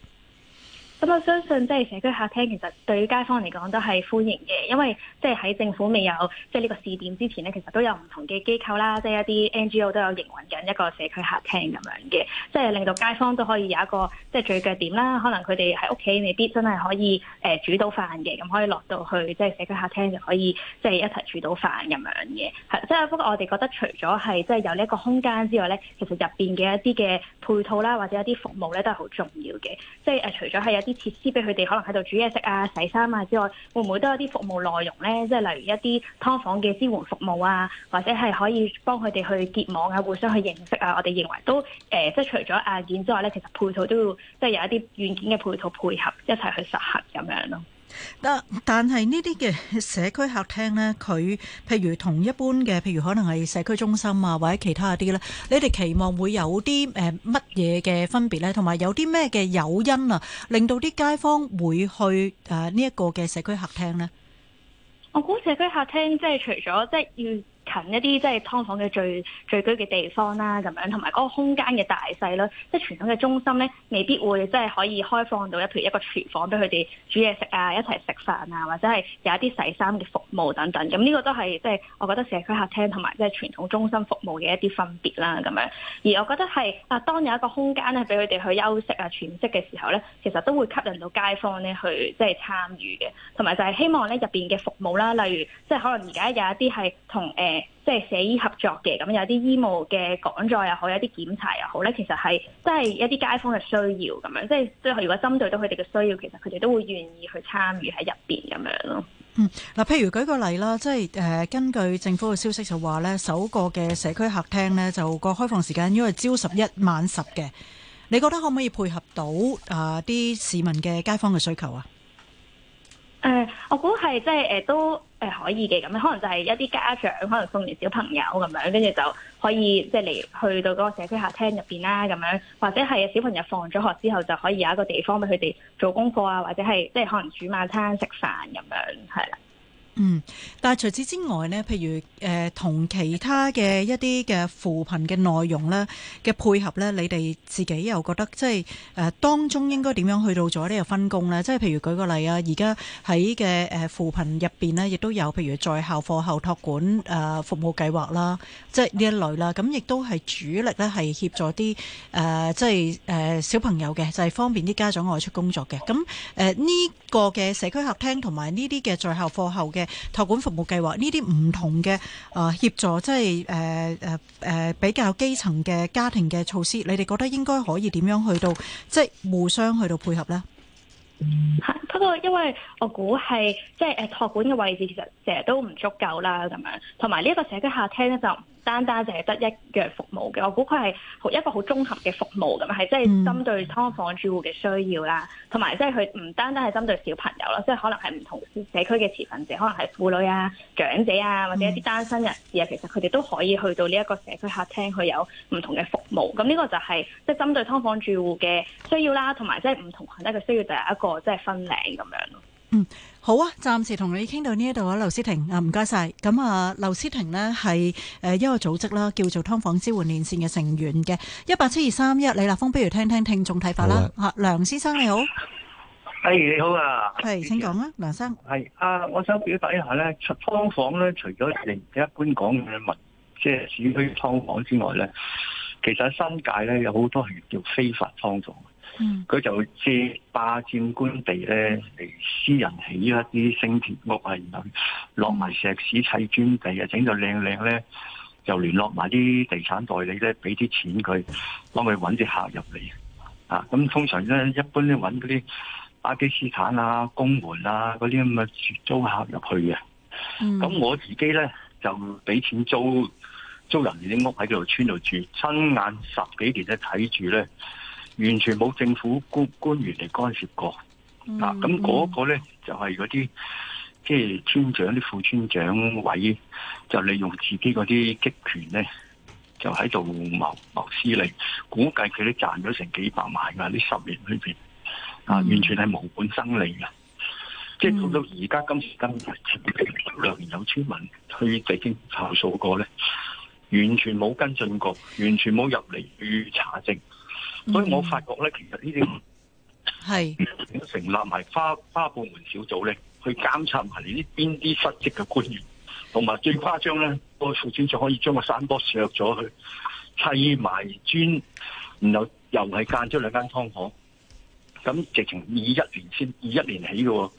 S6: 咁我相信即係社區客廳其實對街坊嚟講都係歡迎嘅，因為即係喺政府未有即係呢個試點之前咧，其實都有唔同嘅機構啦，即係一啲 NGO 都有營運緊一個社區客廳咁樣嘅，即係令到街坊都可以有一個即係聚腳點啦。可能佢哋喺屋企未必真係可以誒煮到飯嘅，咁可以落到去即係社區客廳就可以即係一齊煮到飯咁樣嘅。係，即係不過我哋覺得除咗係即係有呢一個空間之外咧，其實入邊嘅一啲嘅配套啦，或者一啲服務咧都係好重要嘅。即係誒，除咗係一啲設施俾佢哋可能喺度煮嘢食啊、洗衫啊之外，會唔會都有啲服務內容呢？即係例如一啲劏房嘅支援服務啊，或者係可以幫佢哋去結網啊、互相去認識啊，我哋認為都誒，即係除咗硬件之外呢，其實配套都要即係有一啲軟件嘅配套配合一齊去實行咁樣咯。
S1: 得，但係呢啲嘅社區客廳呢，佢譬如同一般嘅，譬如可能係社區中心啊，或者其他啲呢，你哋期望會有啲誒乜嘢嘅分別呢？同埋有啲咩嘅誘因啊，令到啲街坊會去誒呢一個嘅社區客廳呢？
S6: 我估社區客廳即係除咗即係要。近一啲即係劏房嘅最最居嘅地方啦，咁樣同埋嗰個空間嘅大細啦，即係傳統嘅中心咧，未必會即係可以開放到，一譬如一個廚房俾佢哋煮嘢食啊，一齊食飯啊，或者係有一啲洗衫嘅服務等等。咁呢個都係即係我覺得社區客廳同埋即係傳統中心服務嘅一啲分別啦，咁樣。而我覺得係啊，當有一個空間咧俾佢哋去休息啊、喘息嘅時候咧，其實都會吸引到街坊咧去即係參與嘅。同埋就係希望咧入邊嘅服務啦，例如即係可能而家有一啲係同誒。即係社醫合作嘅，咁有啲醫務嘅講座又好，有啲檢查又好呢，其實係即係一啲街坊嘅需要咁樣，即係即係如果針對到佢哋嘅需要，其實佢哋都會願意去參與喺入邊咁樣咯。嗱、
S1: 嗯啊，譬如舉個例啦，即係誒、呃，根據政府嘅消息就話呢，首個嘅社區客廳呢，就個開放時間因為朝十一晚十嘅，你覺得可唔可以配合到啊啲、呃、市民嘅街坊嘅需求啊？
S6: 誒、呃，我估係即係、呃、都。係可以嘅咁樣，可能就係一啲家長可能送完小朋友咁樣，跟住就可以即係嚟去到嗰個社區客廳入邊啦咁樣，或者係小朋友放咗學之後就可以有一個地方俾佢哋做功課啊，或者係即係可能煮晚餐食飯咁樣，係啦。
S1: 嗯，但係除此之外咧，譬如誒、呃、同其他嘅一啲嘅扶貧嘅內容咧嘅配合咧，你哋自己又覺得即係誒、呃、當中應該點樣去到咗呢個分工咧？即係譬如舉個例啊，而家喺嘅誒扶貧入邊咧，亦都有譬如在校課後託管誒、呃、服務計劃啦，即係呢一類啦，咁亦都係主力咧係協助啲誒、呃、即係誒、呃、小朋友嘅，就係、是、方便啲家長外出工作嘅。咁誒呢個嘅社區客廳同埋呢啲嘅在校課後嘅。托管服務計劃呢啲唔同嘅誒協助，即係誒誒誒比較基層嘅家庭嘅措施，你哋覺得應該可以點樣去到，即係互相去到配合呢？
S6: 吓，不過因為我估係即係誒託管嘅位置，其實成日都唔足夠啦，咁樣，同埋呢個社區客廳咧就。單單淨係得一樣服務嘅，我估佢係好一個好綜合嘅服務咁啊，係即係針對劏房住戶嘅需要啦，同埋即係佢唔單單係針對小朋友啦，即係可能係唔同社區嘅持份者，可能係婦女啊、長者啊，或者一啲單身人士啊，其實佢哋都可以去到呢一個社區客廳，佢有唔同嘅服務。咁呢個就係即係針對劏房住戶嘅需要啦，同埋即係唔同群體嘅需要就有一個即係分領咁樣咯。
S1: 嗯，好啊，暫時同你傾到呢一度啊，劉思婷啊，唔該晒。咁啊，劉思婷呢係誒一個組織啦，叫做劏房支援連線嘅成員嘅，一八七二三一，李立峰，不如聽聽聽眾睇法啦。吓，梁先生你好，
S8: 係你好啊，
S1: 係請講啊，梁生，
S8: 係啊，我想表達一下呢。劏房咧，除咗你一
S7: 般講嘅物，即係市區劏房之外咧，其實喺新界咧有好多係叫非法劏房。佢、嗯、就借霸佔官地咧，嚟私人起一啲鋅鐵屋啊，然後落埋石屎砌磚地嘅，整到靚靚咧，就聯絡埋啲地產代理咧，俾啲錢佢，幫佢搵啲客入嚟啊。咁通常咧，一般咧搵嗰啲巴基斯坦啊、公門啊嗰啲咁嘅租客入去嘅。咁我自己咧就俾錢租租人哋啲屋喺條村度住，親眼十幾年咧睇住咧。完全冇政府官官員嚟干涉過，嗱，咁嗰個咧就係嗰啲即係村長、啲副村長位，就利用自己嗰啲職權咧，就喺度謀謀私利。估計佢都賺咗成幾百萬噶，呢十年裏邊啊，完全係無本生利嘅。Mm hmm. 即係到到而家今時今日，前兩年、mm hmm. 有村民去曾經投訴過咧，完全冇跟進過，完全冇入嚟去查證。所以我發覺咧，其實呢啲係成立埋花花部門小組咧，去監察埋呢邊啲失職嘅官員，同埋最誇張咧，個副村長可以將個山坡削咗去砌埋磚，然後又係間咗兩間倉房。咁直情二一年先，二一年起喎。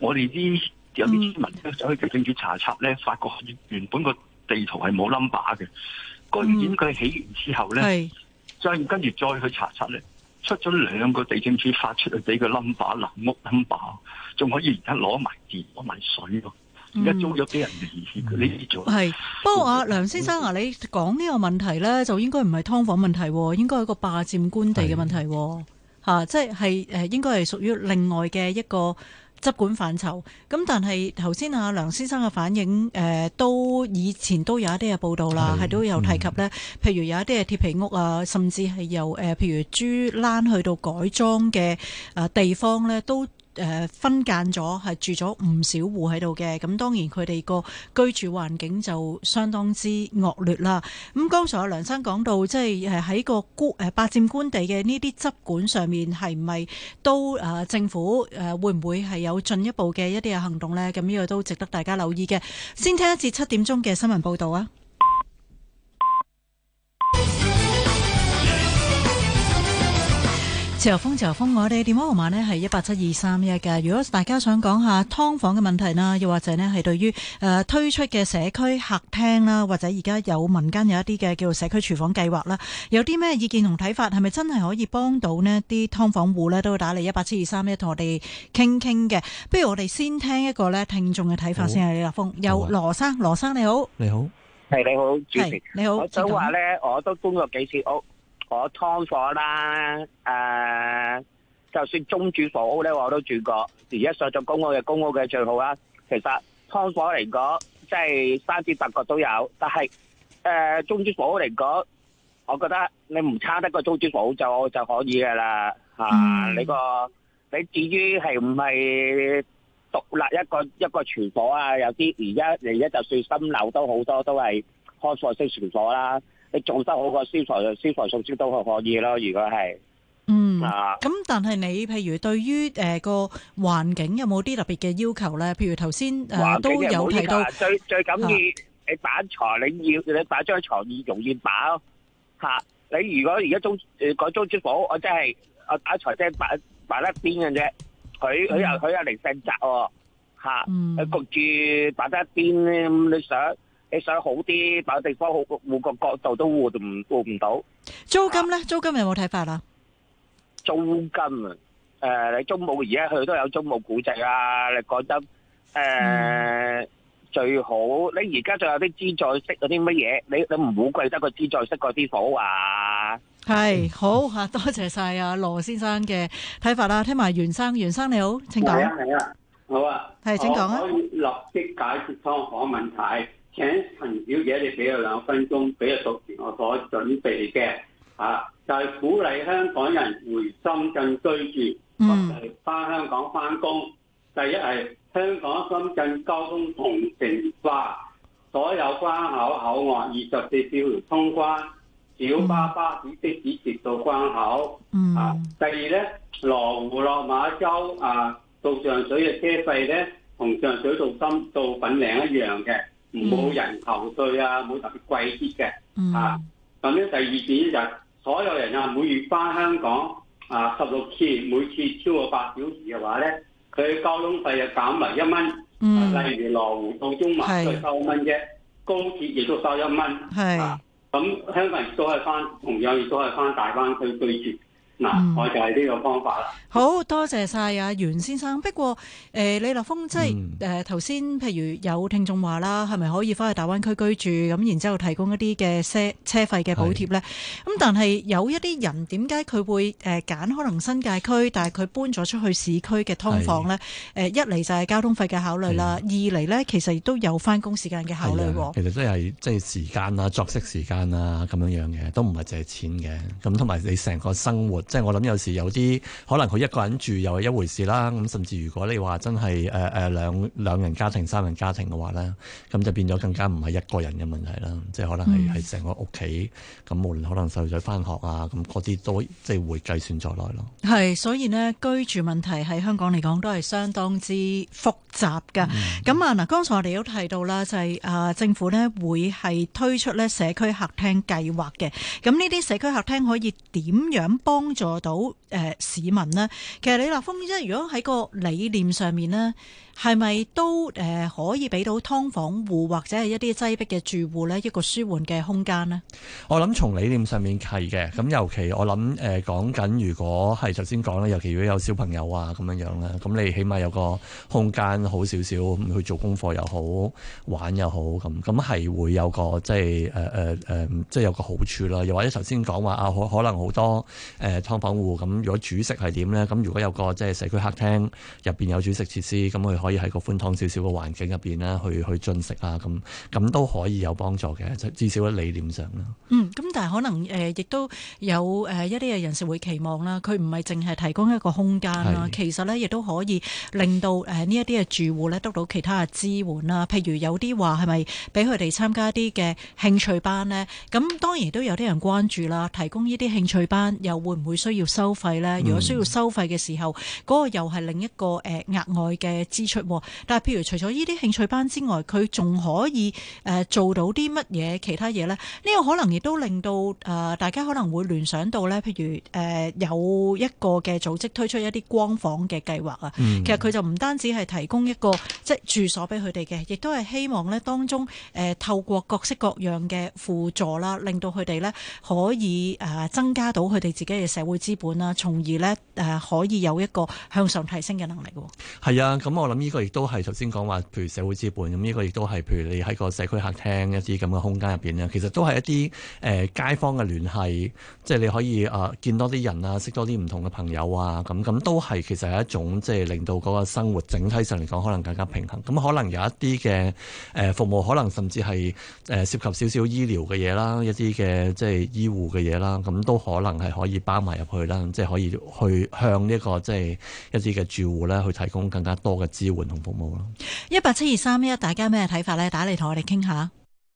S7: 我哋啲有啲村民呢，走去行政署查察咧，發覺原本個地圖係冇 number 嘅，居然佢起完之後咧。嗯跟住再去查查咧，出咗兩個地政處發出去俾個冧把臨屋冧把，仲可以而家攞埋電攞埋水，而家租咗俾人哋。你
S1: 不過阿梁先生啊，種你講呢個問題咧，就應該唔係㓥房問題，應該係個霸佔官地嘅問題喎。即係係誒，應該係屬於另外嘅一個。執管範疇，咁但係頭先阿梁先生嘅反應誒、呃、都以前都有一啲嘅報道啦，係是都有提及咧，嗯、譬如有一啲嘅鐵皮屋啊，甚至係由、呃、譬如豬欄去到改裝嘅、呃、地方咧，都。誒，分間咗係住咗唔少戶喺度嘅，咁當然佢哋個居住環境就相當之惡劣啦。咁剛才阿梁生講到，即係喺個官誒霸佔官地嘅呢啲執管上面，係唔係都誒政府誒會唔會係有進一步嘅一啲嘅行動呢？咁呢個都值得大家留意嘅。先聽一節七點鐘嘅新聞報道啊。自由風，自由 Phone，我哋電話號碼呢係一八七二三一嘅。如果大家想講下劏房嘅問題啦，又或者呢係對於誒推出嘅社區客廳啦，或者而家，呃、有民間有一啲嘅叫做社區廚房計劃啦，有啲咩意見同睇法，係咪真係可以幫到呢啲劏房戶呢？都會打嚟一八七二三一同我哋傾傾嘅。不如我哋先聽一個呢聽眾嘅睇法好先係李立楓。有羅生，羅生你好，你好，係你，
S2: 好你好，主
S5: 持
S8: 人你好，我想話呢我都工作幾次我我劏房啦，誒、呃，就算中主房屋咧，我都住過。而家上咗公屋嘅公屋嘅最好啦。其實劏房嚟講，即係三至八個都有，但係誒、呃，中主房屋嚟講，我覺得你唔差得過中主房屋就就可以噶啦嚇。你個你至於係唔係獨立一個一個廚房啊？有啲而家而家就算新樓都好多都係開放式廚房啦。你做得好個消防、消防措施都可可以咯。如果係，嗯，
S1: 咁、啊、但係你譬如對於誒、呃、個環境有冇啲特別嘅要求咧？譬如頭先、呃、哇都有提到，
S8: 最最緊要、啊、你擺財，你要你擺張床易容易擺咯、啊啊。你如果而家租改租出寶，我真、就、係、是、我打財即係擺擺得一邊嘅啫。佢佢又佢又嚟性質喎焗住擺得一邊咧，咁你想？你想好啲，把地方好換個角度都換唔換唔到
S1: 租金咧？租金有冇睇法啊？
S8: 租金啊，誒，你中武而家去都有中武古蹟啊。你覺得，誒，最好你而家仲有啲資助式嗰啲乜嘢？你你唔好貴得個資助式個師傅啊。
S1: 係好吓，多謝晒阿羅先生嘅睇法啦。聽埋袁生，袁生你好，請講。係啊，
S8: 係啊，好啊。係，請講啊。可以立即解決劏房問題。請陳小姐，你俾我兩分鐘，俾我讀完我所準備嘅就係、是、鼓勵香港人回深圳居住，翻香港翻工。第一係香港深圳交通同城化，所有關口口岸二十四小時通關，小巴巴士的士直接到關口。嗯。啊，第二咧，羅湖落馬洲啊，到上水嘅車費咧，同上水到深到粉嶺一樣嘅。冇人頭稅啊，冇特別貴啲嘅啊。咁咧第二點就係、是、所有人啊，每月翻香港啊十六次，每次超過八小時嘅話咧，佢交通費就減埋一蚊。嗯、啊，例如羅湖到中環是都收一蚊啫，高鐵亦都收一蚊。係、啊，咁香港人都係翻同樣，亦都係翻大灣區居住。我就係呢個方法啦。
S1: 好多謝晒啊，袁先生。不過、呃，李立峰即係誒頭先，譬如有聽眾話啦，係咪可以翻去大灣區居住？咁然之後提供一啲嘅車車費嘅補貼咧。咁是但係有一啲人點解佢會揀可能新界區，但係佢搬咗出去市區嘅劏房咧是、呃？一嚟就係交通費嘅考慮啦，的二嚟咧，其實亦都有翻工時間嘅考慮喎。
S2: 其實即係即係時間啊、就是，作息時間啊咁樣樣嘅，都唔係淨係錢嘅。咁同埋你成個生活。即係我諗，有時有啲可能佢一個人住又係一回事啦。咁甚至如果你話真係誒誒兩兩人家庭、三人家庭嘅話咧，咁就變咗更加唔係一個人嘅問題啦。即係可能係係成個屋企咁，無論可能細路仔返學啊，咁嗰啲都即係會計算在內咯。
S1: 係，所以呢，居住問題喺香港嚟講都係相當之複雜的。集㗎，咁啊嗱，剛才我哋都提到啦，就係、是、啊政府咧會係推出咧社區客廳計劃嘅。咁呢啲社區客廳可以點樣幫助到誒、呃、市民咧？其實李立峰，即係如果喺個理念上面咧，係咪都誒可以俾到劏房戶或者係一啲擠迫嘅住戶咧一個舒緩嘅空間咧？
S2: 我諗從理念上面係嘅，咁尤其我諗誒講緊，呃、如果係頭先講啦，尤其如果有小朋友啊咁樣樣啦，咁你起碼有個空間。好少少咁去做功課又好玩又好咁咁，係會有個即係、呃呃、即係有個好處啦。又或者頭先講話啊，可可能好多誒劏、呃、房戶咁，如果煮食係點咧？咁如果有個即係社區客廳入邊有煮食設施，咁佢可以喺個寬敞少少嘅環境入邊咧，去去進食啊咁咁都可以有幫助嘅，至少喺理念上啦。嗯，
S1: 咁但係可能誒，亦、呃、都有誒一啲嘅人士會期望啦。佢唔係淨係提供一個空間啦，是其實咧亦都可以令到誒呢一啲嘅。呃住戶咧得到其他嘅支援啦，譬如有啲話係咪俾佢哋參加一啲嘅興趣班咧？咁當然都有啲人關注啦。提供呢啲興趣班又會唔會需要收費咧？嗯、如果需要收費嘅時候，嗰個又係另一個誒額外嘅支出。但係譬如除咗呢啲興趣班之外，佢仲可以誒做到啲乜嘢其他嘢咧？呢、呢個可能亦都令到誒、呃、大家可能會聯想到咧，譬如誒、呃、有一個嘅組織推出一啲光房嘅計劃啊。嗯、其實佢就唔單止係提供。一個即係住所俾佢哋嘅，亦都係希望咧當中誒、呃、透過各式各樣嘅輔助啦，令到佢哋呢可以誒、呃、增加到佢哋自己嘅社會資本啦，從而呢誒、呃、可以有一個向上提升嘅能力。
S2: 係啊，咁我諗呢個亦都係頭先講話，譬如社會資本咁，呢個亦都係譬如你喺個社區客廳一啲咁嘅空間入邊呢，其實都係一啲誒、呃、街坊嘅聯繫，即係你可以誒、呃、見多啲人啊，識多啲唔同嘅朋友啊，咁咁都係其實係一種即係令到嗰個生活整體上嚟講可能更加平衡，咁可能有一啲嘅誒服務，可能甚至係誒涉及少少醫療嘅嘢啦，一啲嘅即係醫護嘅嘢啦，咁都可能係可以包埋入去啦，即係可以去向呢個即係一啲嘅住戶咧，去提供更加多嘅支援同服務咯。
S1: 一八七二三一，大家有咩睇法咧？打嚟同我哋傾下。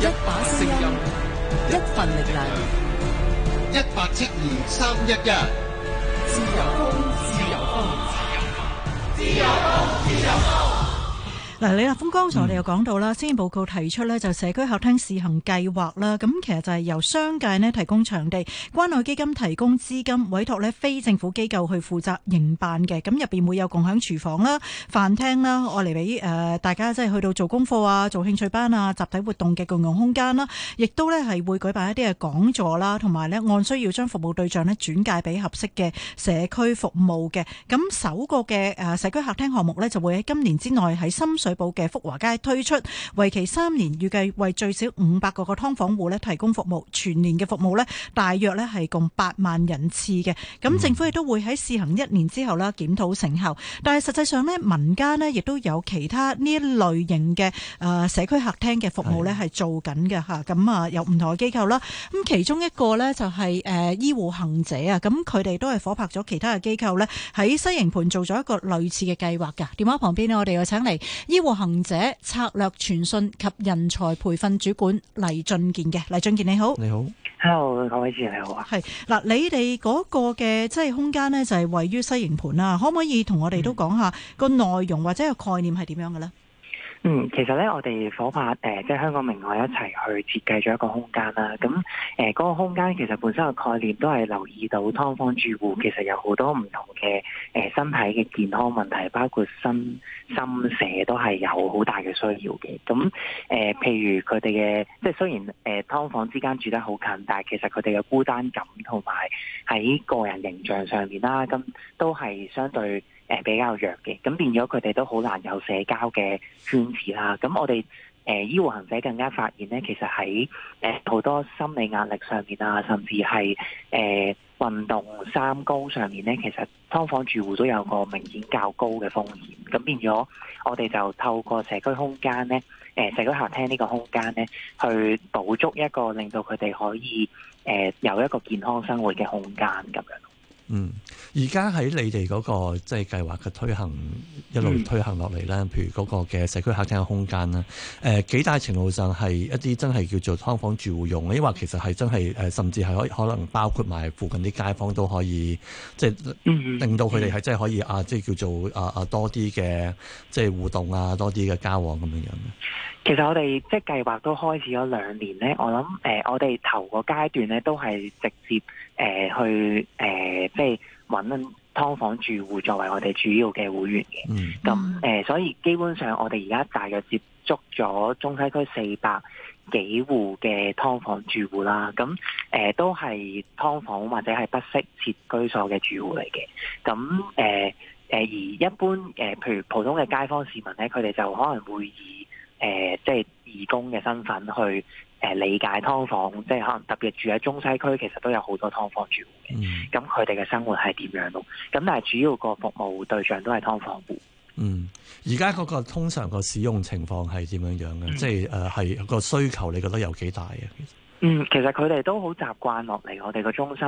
S4: 一把聲音，一份力量，一八七二三一一。自由風，自由風，自由風，
S8: 自由風，自由風。自
S1: 嗱，李立峰剛才我哋又講到啦，施政報告提出咧，就社區客廳試行計劃啦。咁其實就係由商界咧，提供場地，關愛基金提供資金，委託咧非政府機構去負責營辦嘅。咁入邊會有共享廚房啦、飯廳啦，用嚟俾誒大家即係、呃、去到做功課啊、做興趣班啊、集體活動嘅共用空間啦。亦都咧係會舉辦一啲嘅講座啦，同埋咧按需要將服務對象咧轉介俾合適嘅社區服務嘅。咁首個嘅誒社區客廳項目咧就會喺今年之內喺深水內部嘅福華街推出為期三年，預計為最少五百個個劏房戶咧提供服務，全年嘅服務咧大約咧係共八萬人次嘅。咁政府亦都會喺試行一年之後啦，檢討成效，但係實際上咧民間呢，亦都有其他呢類型嘅誒社區客廳嘅服務咧係做緊嘅吓，咁啊有唔同嘅機構啦。咁其中一個呢，就係誒醫護行者啊，咁佢哋都係夥拍咗其他嘅機構呢，喺西營盤做咗一個類似嘅計劃噶。電話旁邊呢，我哋又請嚟和行者策略傳訊及人才培訓主管黎俊健嘅。黎俊健你好，
S5: 你好，Hello 各位主持人你好
S1: 啊，係嗱，你哋嗰個嘅即係空間咧就係位於西營盤啊，嗯、可唔可以同我哋都講下個內容或者個概念係點樣嘅咧？
S5: 嗯，其實咧，我哋火拍誒、呃，即係香港明愛一齊去設計咗一個空間啦。咁誒，嗰、呃那個空間其實本身嘅概念都係留意到劏房住戶其實有好多唔同嘅誒、呃、身體嘅健康問題，包括身心心社都係有好大嘅需要嘅。咁誒、呃，譬如佢哋嘅即係雖然誒、呃、劏房之間住得好近，但係其實佢哋嘅孤單感同埋喺個人形象上面啦，咁都係相對，誒比較弱嘅，咁變咗佢哋都好難有社交嘅圈子啦。咁我哋誒、呃、醫護行者更加發現咧，其實喺誒好多心理壓力上面啊，甚至係誒、呃、運動三高上面咧，其實劏房住戶都有個明顯較高嘅風險。咁變咗，我哋就透過社區空間咧、呃，社區客廳呢個空間咧，去補足一個令到佢哋可以誒、呃、有一個健康生活嘅空間咁樣。
S2: 嗯，而家喺你哋嗰個即係計劃嘅推行，一路推行落嚟啦。嗯、譬如嗰個嘅社區客廳嘅空間啦，誒、呃、幾大程度上係一啲真係叫做劏房住戶用，亦或其實係真係誒、呃，甚至係可以可能包括埋附近啲街坊都可以，即係令到佢哋係真係可以啊，即係叫做啊啊多啲嘅即係互動啊，多啲嘅、啊啊、交往咁樣樣。
S5: 其實我哋即係計劃都開始咗兩年咧，我諗誒、呃，我哋頭個階段咧都係直接誒、呃、去誒、呃，即係揾緊劏房住戶作為我哋主要嘅會員嘅。咁誒、嗯呃，所以基本上我哋而家大約接觸咗中西區四百幾戶嘅㓥房住戶啦。咁誒、呃，都係劏房或者係不適切居所嘅住戶嚟嘅。咁誒誒，而一般誒、呃，譬如普通嘅街坊市民咧，佢哋就可能會以。誒、呃，即係義工嘅身份去誒、呃、理解劏房，即係可能特別住喺中西區，其實都有好多劏房住戶嘅。咁佢哋嘅生活係點樣咯？咁但係主要個服務對象都係劏房戶。
S2: 嗯，而家嗰個通常個使用情況係點樣樣嘅？嗯、即係誒，係個需求你覺得有幾大啊？
S5: 嗯，其實佢哋都好習慣落嚟我哋個中心，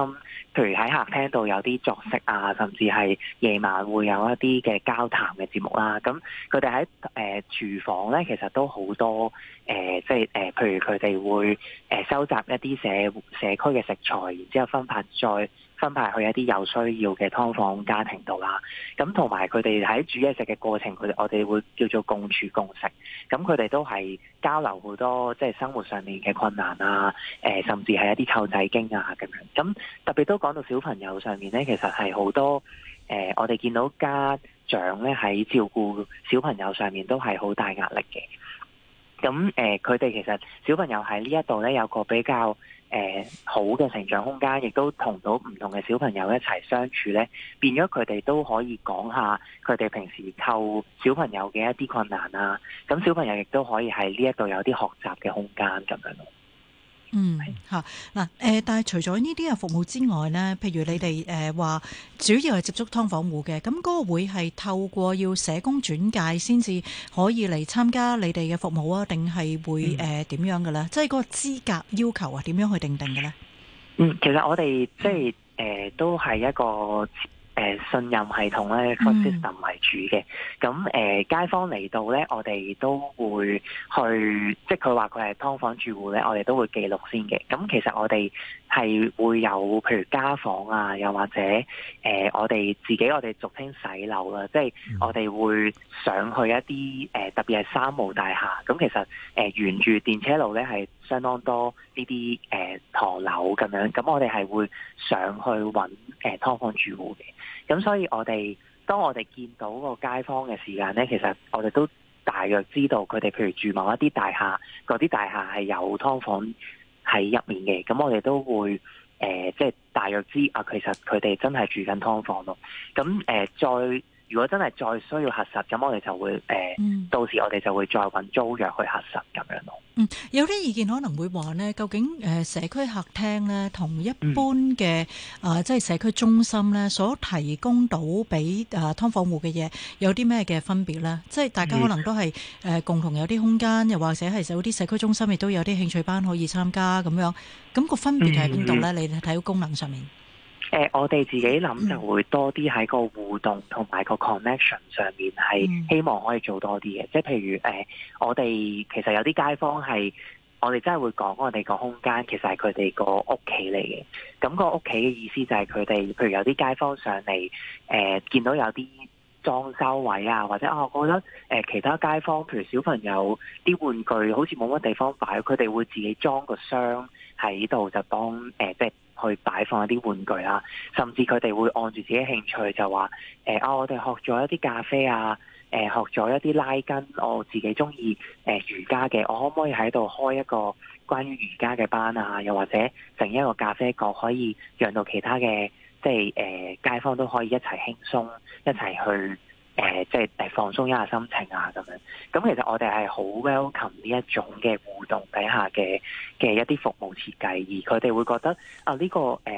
S5: 譬如喺客廳度有啲作息啊，甚至係夜晚會有一啲嘅交談嘅節目啦、啊。咁佢哋喺誒廚房咧，其實都好多誒、呃，即係誒、呃，譬如佢哋會誒、呃、收集一啲社社區嘅食材，然之後分發再。分派去一啲有需要嘅劏房家庭度啦，咁同埋佢哋喺煮嘢食嘅過程，佢哋我哋會叫做共處共食，咁佢哋都係交流好多即係、就是、生活上面嘅困難啊，呃、甚至係一啲湊仔經啊咁樣，咁特別都講到小朋友上面咧，其實係好多、呃、我哋見到家長咧喺照顧小朋友上面都係好大壓力嘅，咁佢哋其實小朋友喺呢一度咧有個比較。呃、好嘅成長空間，亦都同到唔同嘅小朋友一齊相處呢，變咗佢哋都可以講下佢哋平時湊小朋友嘅一啲困難啊。咁小朋友亦都可以喺呢一度有啲學習嘅空間咁樣。
S1: 嗯吓嗱，誒，但係除咗呢啲嘅服務之外咧，譬如你哋誒話，主要係接觸劏房戶嘅，咁嗰個會係透過要社工轉介先至可以嚟參加你哋嘅服務啊，定係會誒點樣嘅咧？嗯，即係嗰個資格要求啊，點樣去定定嘅咧？嗯，
S5: 其實我哋即係誒都係一個。誒信任系統咧，system、嗯、為主嘅，咁誒、呃、街坊嚟到咧，我哋都會去，即佢話佢係劏房住戶咧，我哋都會記錄先嘅。咁其實我哋係會有，譬如家訪啊，又或者誒、呃，我哋自己我哋俗稱洗樓啦，即、就、係、是、我哋會上去一啲誒、呃，特別係三無大廈，咁其實誒、呃、沿住電車路咧係相當多呢啲誒唐樓咁樣，咁我哋係會上去揾誒、呃、劏房住戶嘅。咁所以我哋當我哋見到個街坊嘅時間呢，其實我哋都大約知道佢哋譬如住某一啲大廈嗰啲大廈係有劏房喺入面嘅，咁我哋都會誒即係大約知啊，其實佢哋真係住緊劏房咯。咁誒、呃、再如果真係再需要核實，咁我哋就會誒，呃嗯、到時我哋就會再揾租約去核實咁樣咯。
S1: 嗯，有啲意見可能會話呢，究竟誒、呃、社區客廳呢，同一般嘅啊、嗯呃，即係社區中心呢所提供到俾啊劏房戶嘅嘢，有啲咩嘅分別呢？即係大家可能都係誒、嗯呃、共同有啲空間，又或者係有啲社區中心亦都有啲興趣班可以參加咁樣，咁、嗰個分別係邊度呢？嗯、你睇到功
S5: 能上面。誒、呃，我哋自己諗就會多啲喺個互動同埋個 connection 上面，係希望可以做多啲嘅。即係譬如誒、呃，我哋其實有啲街坊係，我哋真係會講我哋個空間其實係佢哋個屋企嚟嘅。咁個屋企嘅意思就係佢哋，譬如有啲街坊上嚟，誒、呃，見到有啲裝修位啊，或者啊，我覺得、呃，其他街坊，譬如小朋友啲玩具好似冇乜地方擺，佢哋會自己裝個箱。喺度就當誒、呃，即係去擺放一啲玩具啦，甚至佢哋會按住自己興趣就話，誒、呃、啊，我哋學咗一啲咖啡啊，誒、呃、學咗一啲拉筋，我自己中意誒瑜伽嘅，我可唔可以喺度開一個關於瑜伽嘅班啊？又或者整一個咖啡角，可以讓到其他嘅即係誒、呃、街坊都可以一齊輕鬆一齊去。誒、呃，即係誒，放鬆一下心情啊，咁樣。咁其實我哋係好 welcome 呢一種嘅互動底下嘅嘅一啲服務設計，而佢哋會覺得啊，呢、這個誒，呢、呃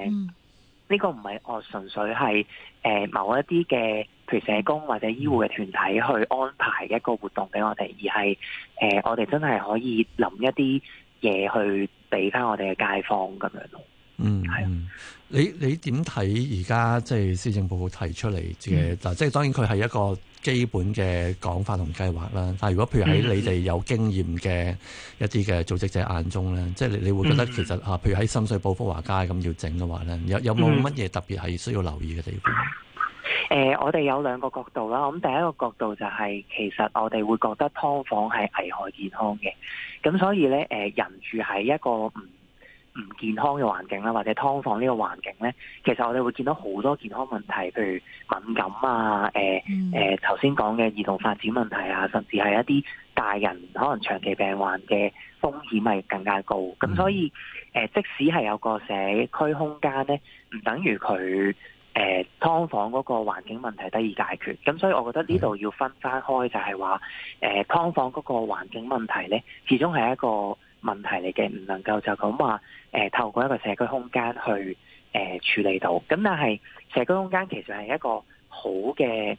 S5: mm. 個唔係我純粹係誒、呃、某一啲嘅譬如社工或者醫護嘅團體去安排一個活動俾我哋，而係誒、呃、我哋真係可以諗一啲嘢去俾翻我哋嘅街坊咁樣咯。嗯、mm，
S2: 係、hmm. 啊。你你點睇而家即係施政報告提出嚟嘅嗱？嗯、即係當然佢係一個基本嘅講法同計劃啦。但係如果譬如喺你哋有經驗嘅一啲嘅組織者眼中咧，嗯、即係你會覺得其實啊，譬如喺深水埗福華街咁要整嘅話咧，有有冇乜嘢特別係需要留意嘅地方？
S5: 誒、嗯嗯呃，我哋有兩個角度啦。咁第一個角度就係其實我哋會覺得劏房係危害健康嘅，咁所以咧誒、呃，人住喺一個唔唔健康嘅環境啦，或者劏房呢個環境呢，其實我哋會見到好多健康問題，譬如敏感啊，誒、呃、誒，頭先講嘅兒童發展問題啊，甚至係一啲大人可能長期病患嘅風險係更加高。咁、嗯、所以、呃、即使係有個社區空間呢，唔等於佢誒、呃、劏房嗰個環境問題得以解決。咁所以我覺得呢度要分返開就，就係話誒劏房嗰個環境問題呢，始終係一個問題嚟嘅，唔能夠就咁話，誒、呃、透過一個社區空間去誒、呃、處理到。咁但係社區空間其實係一個好嘅誒、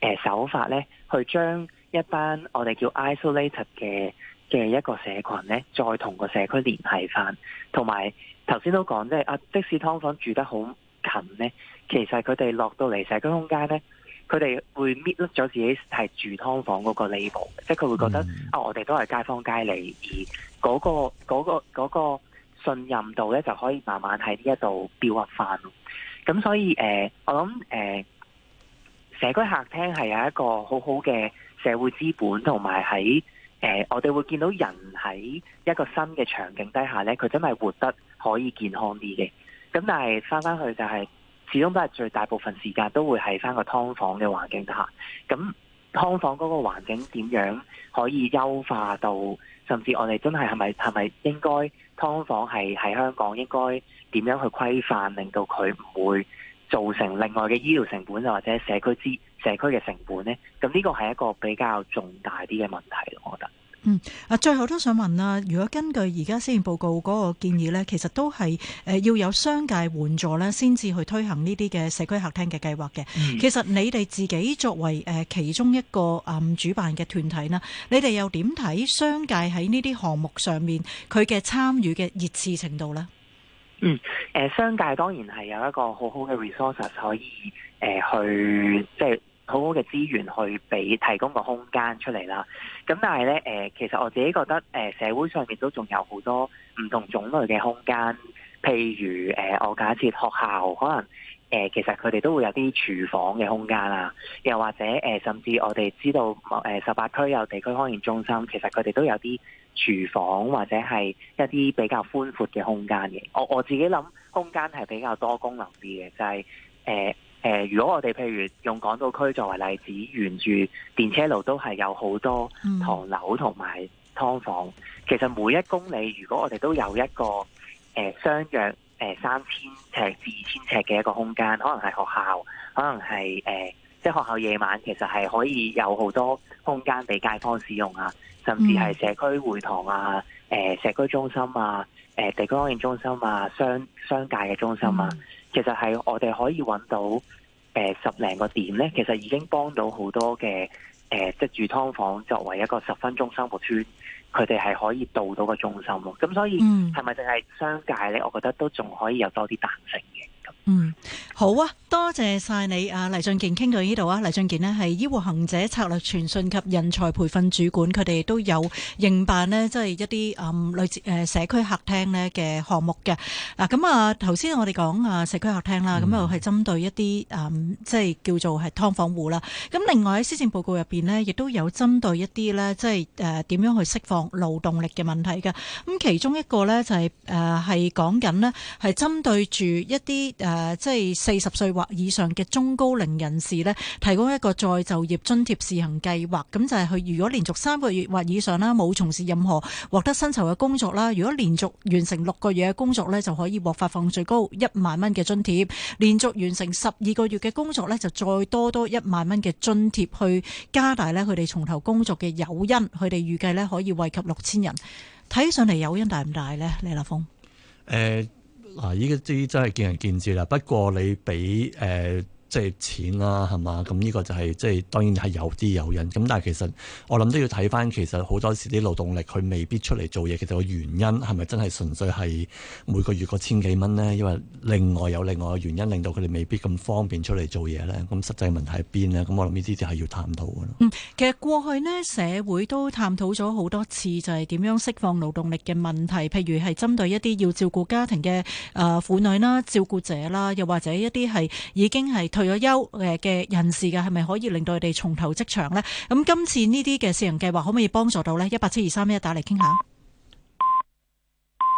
S5: 呃、手法咧，去將一班我哋叫 isolated 嘅嘅一個社群咧，再同個社區聯繫返。同埋頭先都講即係啊，即使劏房住得好近咧，其實佢哋落到嚟社區空間咧。佢哋會搣甩咗自己係住劏房嗰個 label，即係佢會覺得啊、嗯嗯哦，我哋都係街坊街裏，而嗰、嗰個嗰、嗰個嗰個、信任度咧，就可以慢慢喺呢一度飆一翻。咁所以誒、呃，我諗誒、呃、社區客廳係有一個很好好嘅社會資本，同埋喺誒我哋會見到人喺一個新嘅場景底下咧，佢真係活得可以健康啲嘅。咁但係返返去就係、是。始終都係最大部分時間都會係翻個劏房嘅環境下，咁劏房嗰個環境點樣可以優化到？甚至我哋真係係咪係咪應該劏房係喺香港應該點樣去規範，令到佢唔會造成另外嘅醫療成本，又或者社區之社區嘅成本呢？咁呢個係一個比較重大啲嘅問題，我覺得。
S1: 嗯，啊，最後都想問啦，如果根據而家《施政報告》嗰個建議呢，其實都係誒要有商界援助咧，先至去推行呢啲嘅社區客廳嘅計劃嘅。嗯、其實你哋自己作為誒其中一個誒、嗯、主辦嘅團體啦，你哋又點睇商界喺呢啲項目上面佢嘅參與嘅熱切程度呢？嗯，誒
S5: 商界當然係有一個很好好嘅 resources 可以誒、呃、去即係。好好嘅資源去俾提供個空間出嚟啦。咁但係呢，其實我自己覺得，社會上面都仲有好多唔同種類嘅空間。譬如我假設學校，可能，其實佢哋都會有啲廚房嘅空間啦，又或者甚至我哋知道誒十八區有地區康健中心，其實佢哋都有啲廚房或者係一啲比較寬闊嘅空間嘅。我我自己諗空間係比較多功能啲嘅，就係，誒呃、如果我哋譬如用港島區作為例子，沿住電車路都係有好多唐樓同埋劏房。嗯、其實每一公里，如果我哋都有一個誒、呃、相約三千尺至二千尺嘅一個空間，可能係學校，可能係、呃、即係學校夜晚，其實係可以有好多空間俾街坊使用啊，甚至係社區會堂啊、呃、社區中心啊、呃、地區康健中心啊、商商界嘅中心啊。嗯其實係我哋可以揾到、呃、十零個點呢，其實已經幫到好多嘅、呃、即住劏房作為一個十分鐘生活圈，佢哋係可以到到個中心，咁所以係咪淨係商界呢？我覺得都仲可以有多啲彈性嘅。
S1: 嗯，好啊，多謝晒你啊黎俊健。傾到呢度啊，黎俊健呢係醫護行者策略傳訊及人才培訓主管，佢哋都有營辦呢、嗯啊嗯嗯，即係一啲誒類似誒社區客廳呢嘅項目嘅。嗱，咁啊頭先我哋講啊社區客廳啦，咁又係針對一啲誒即係叫做係㓥房戶啦。咁另外喺施政報告入邊呢，亦都有針對一啲呢，即係誒點樣去釋放勞動力嘅問題嘅。咁其中一個呢、就是，就係誒係講緊呢係針對住一啲。誒、呃，即係四十歲或以上嘅中高齡人士呢，提供一個再就業津貼試行計劃，咁就係佢如果連續三個月或以上啦，冇從事任何獲得薪酬嘅工作啦，如果連續完成六個月嘅工作呢，就可以獲發放最高一萬蚊嘅津貼；連續完成十二個月嘅工作呢，就再多多一萬蚊嘅津貼，去加大呢，佢哋從頭工作嘅誘因。佢哋預計呢可以惠及六千人，睇上嚟，誘因大唔大呢？李立峰，
S2: 誒、呃。啊！呢個啲真係見仁見智啦。不過你俾誒。呃即係錢啦、啊，係嘛？咁呢個就係、是、即係當然係有啲誘因。咁但係其實我諗都要睇翻，其實好多時啲勞動力佢未必出嚟做嘢其實，個原因係咪真係純粹係每個月個千幾蚊呢？因為另外有另外嘅原因，令到佢哋未必咁方便出嚟做嘢呢。咁實際問題喺邊呢？咁我諗呢啲就係要探討嘅咯、嗯。
S1: 其實過去呢，社會都探討咗好多次，就係、是、點樣釋放勞動力嘅問題。譬如係針對一啲要照顧家庭嘅誒婦女啦、照顧者啦，又或者一啲係已經係，退咗休誒嘅人士，嘅係咪可以令到佢哋重投職場咧？咁今次呢啲嘅試行計劃可唔可以幫助到咧？一八七二三一打嚟傾下。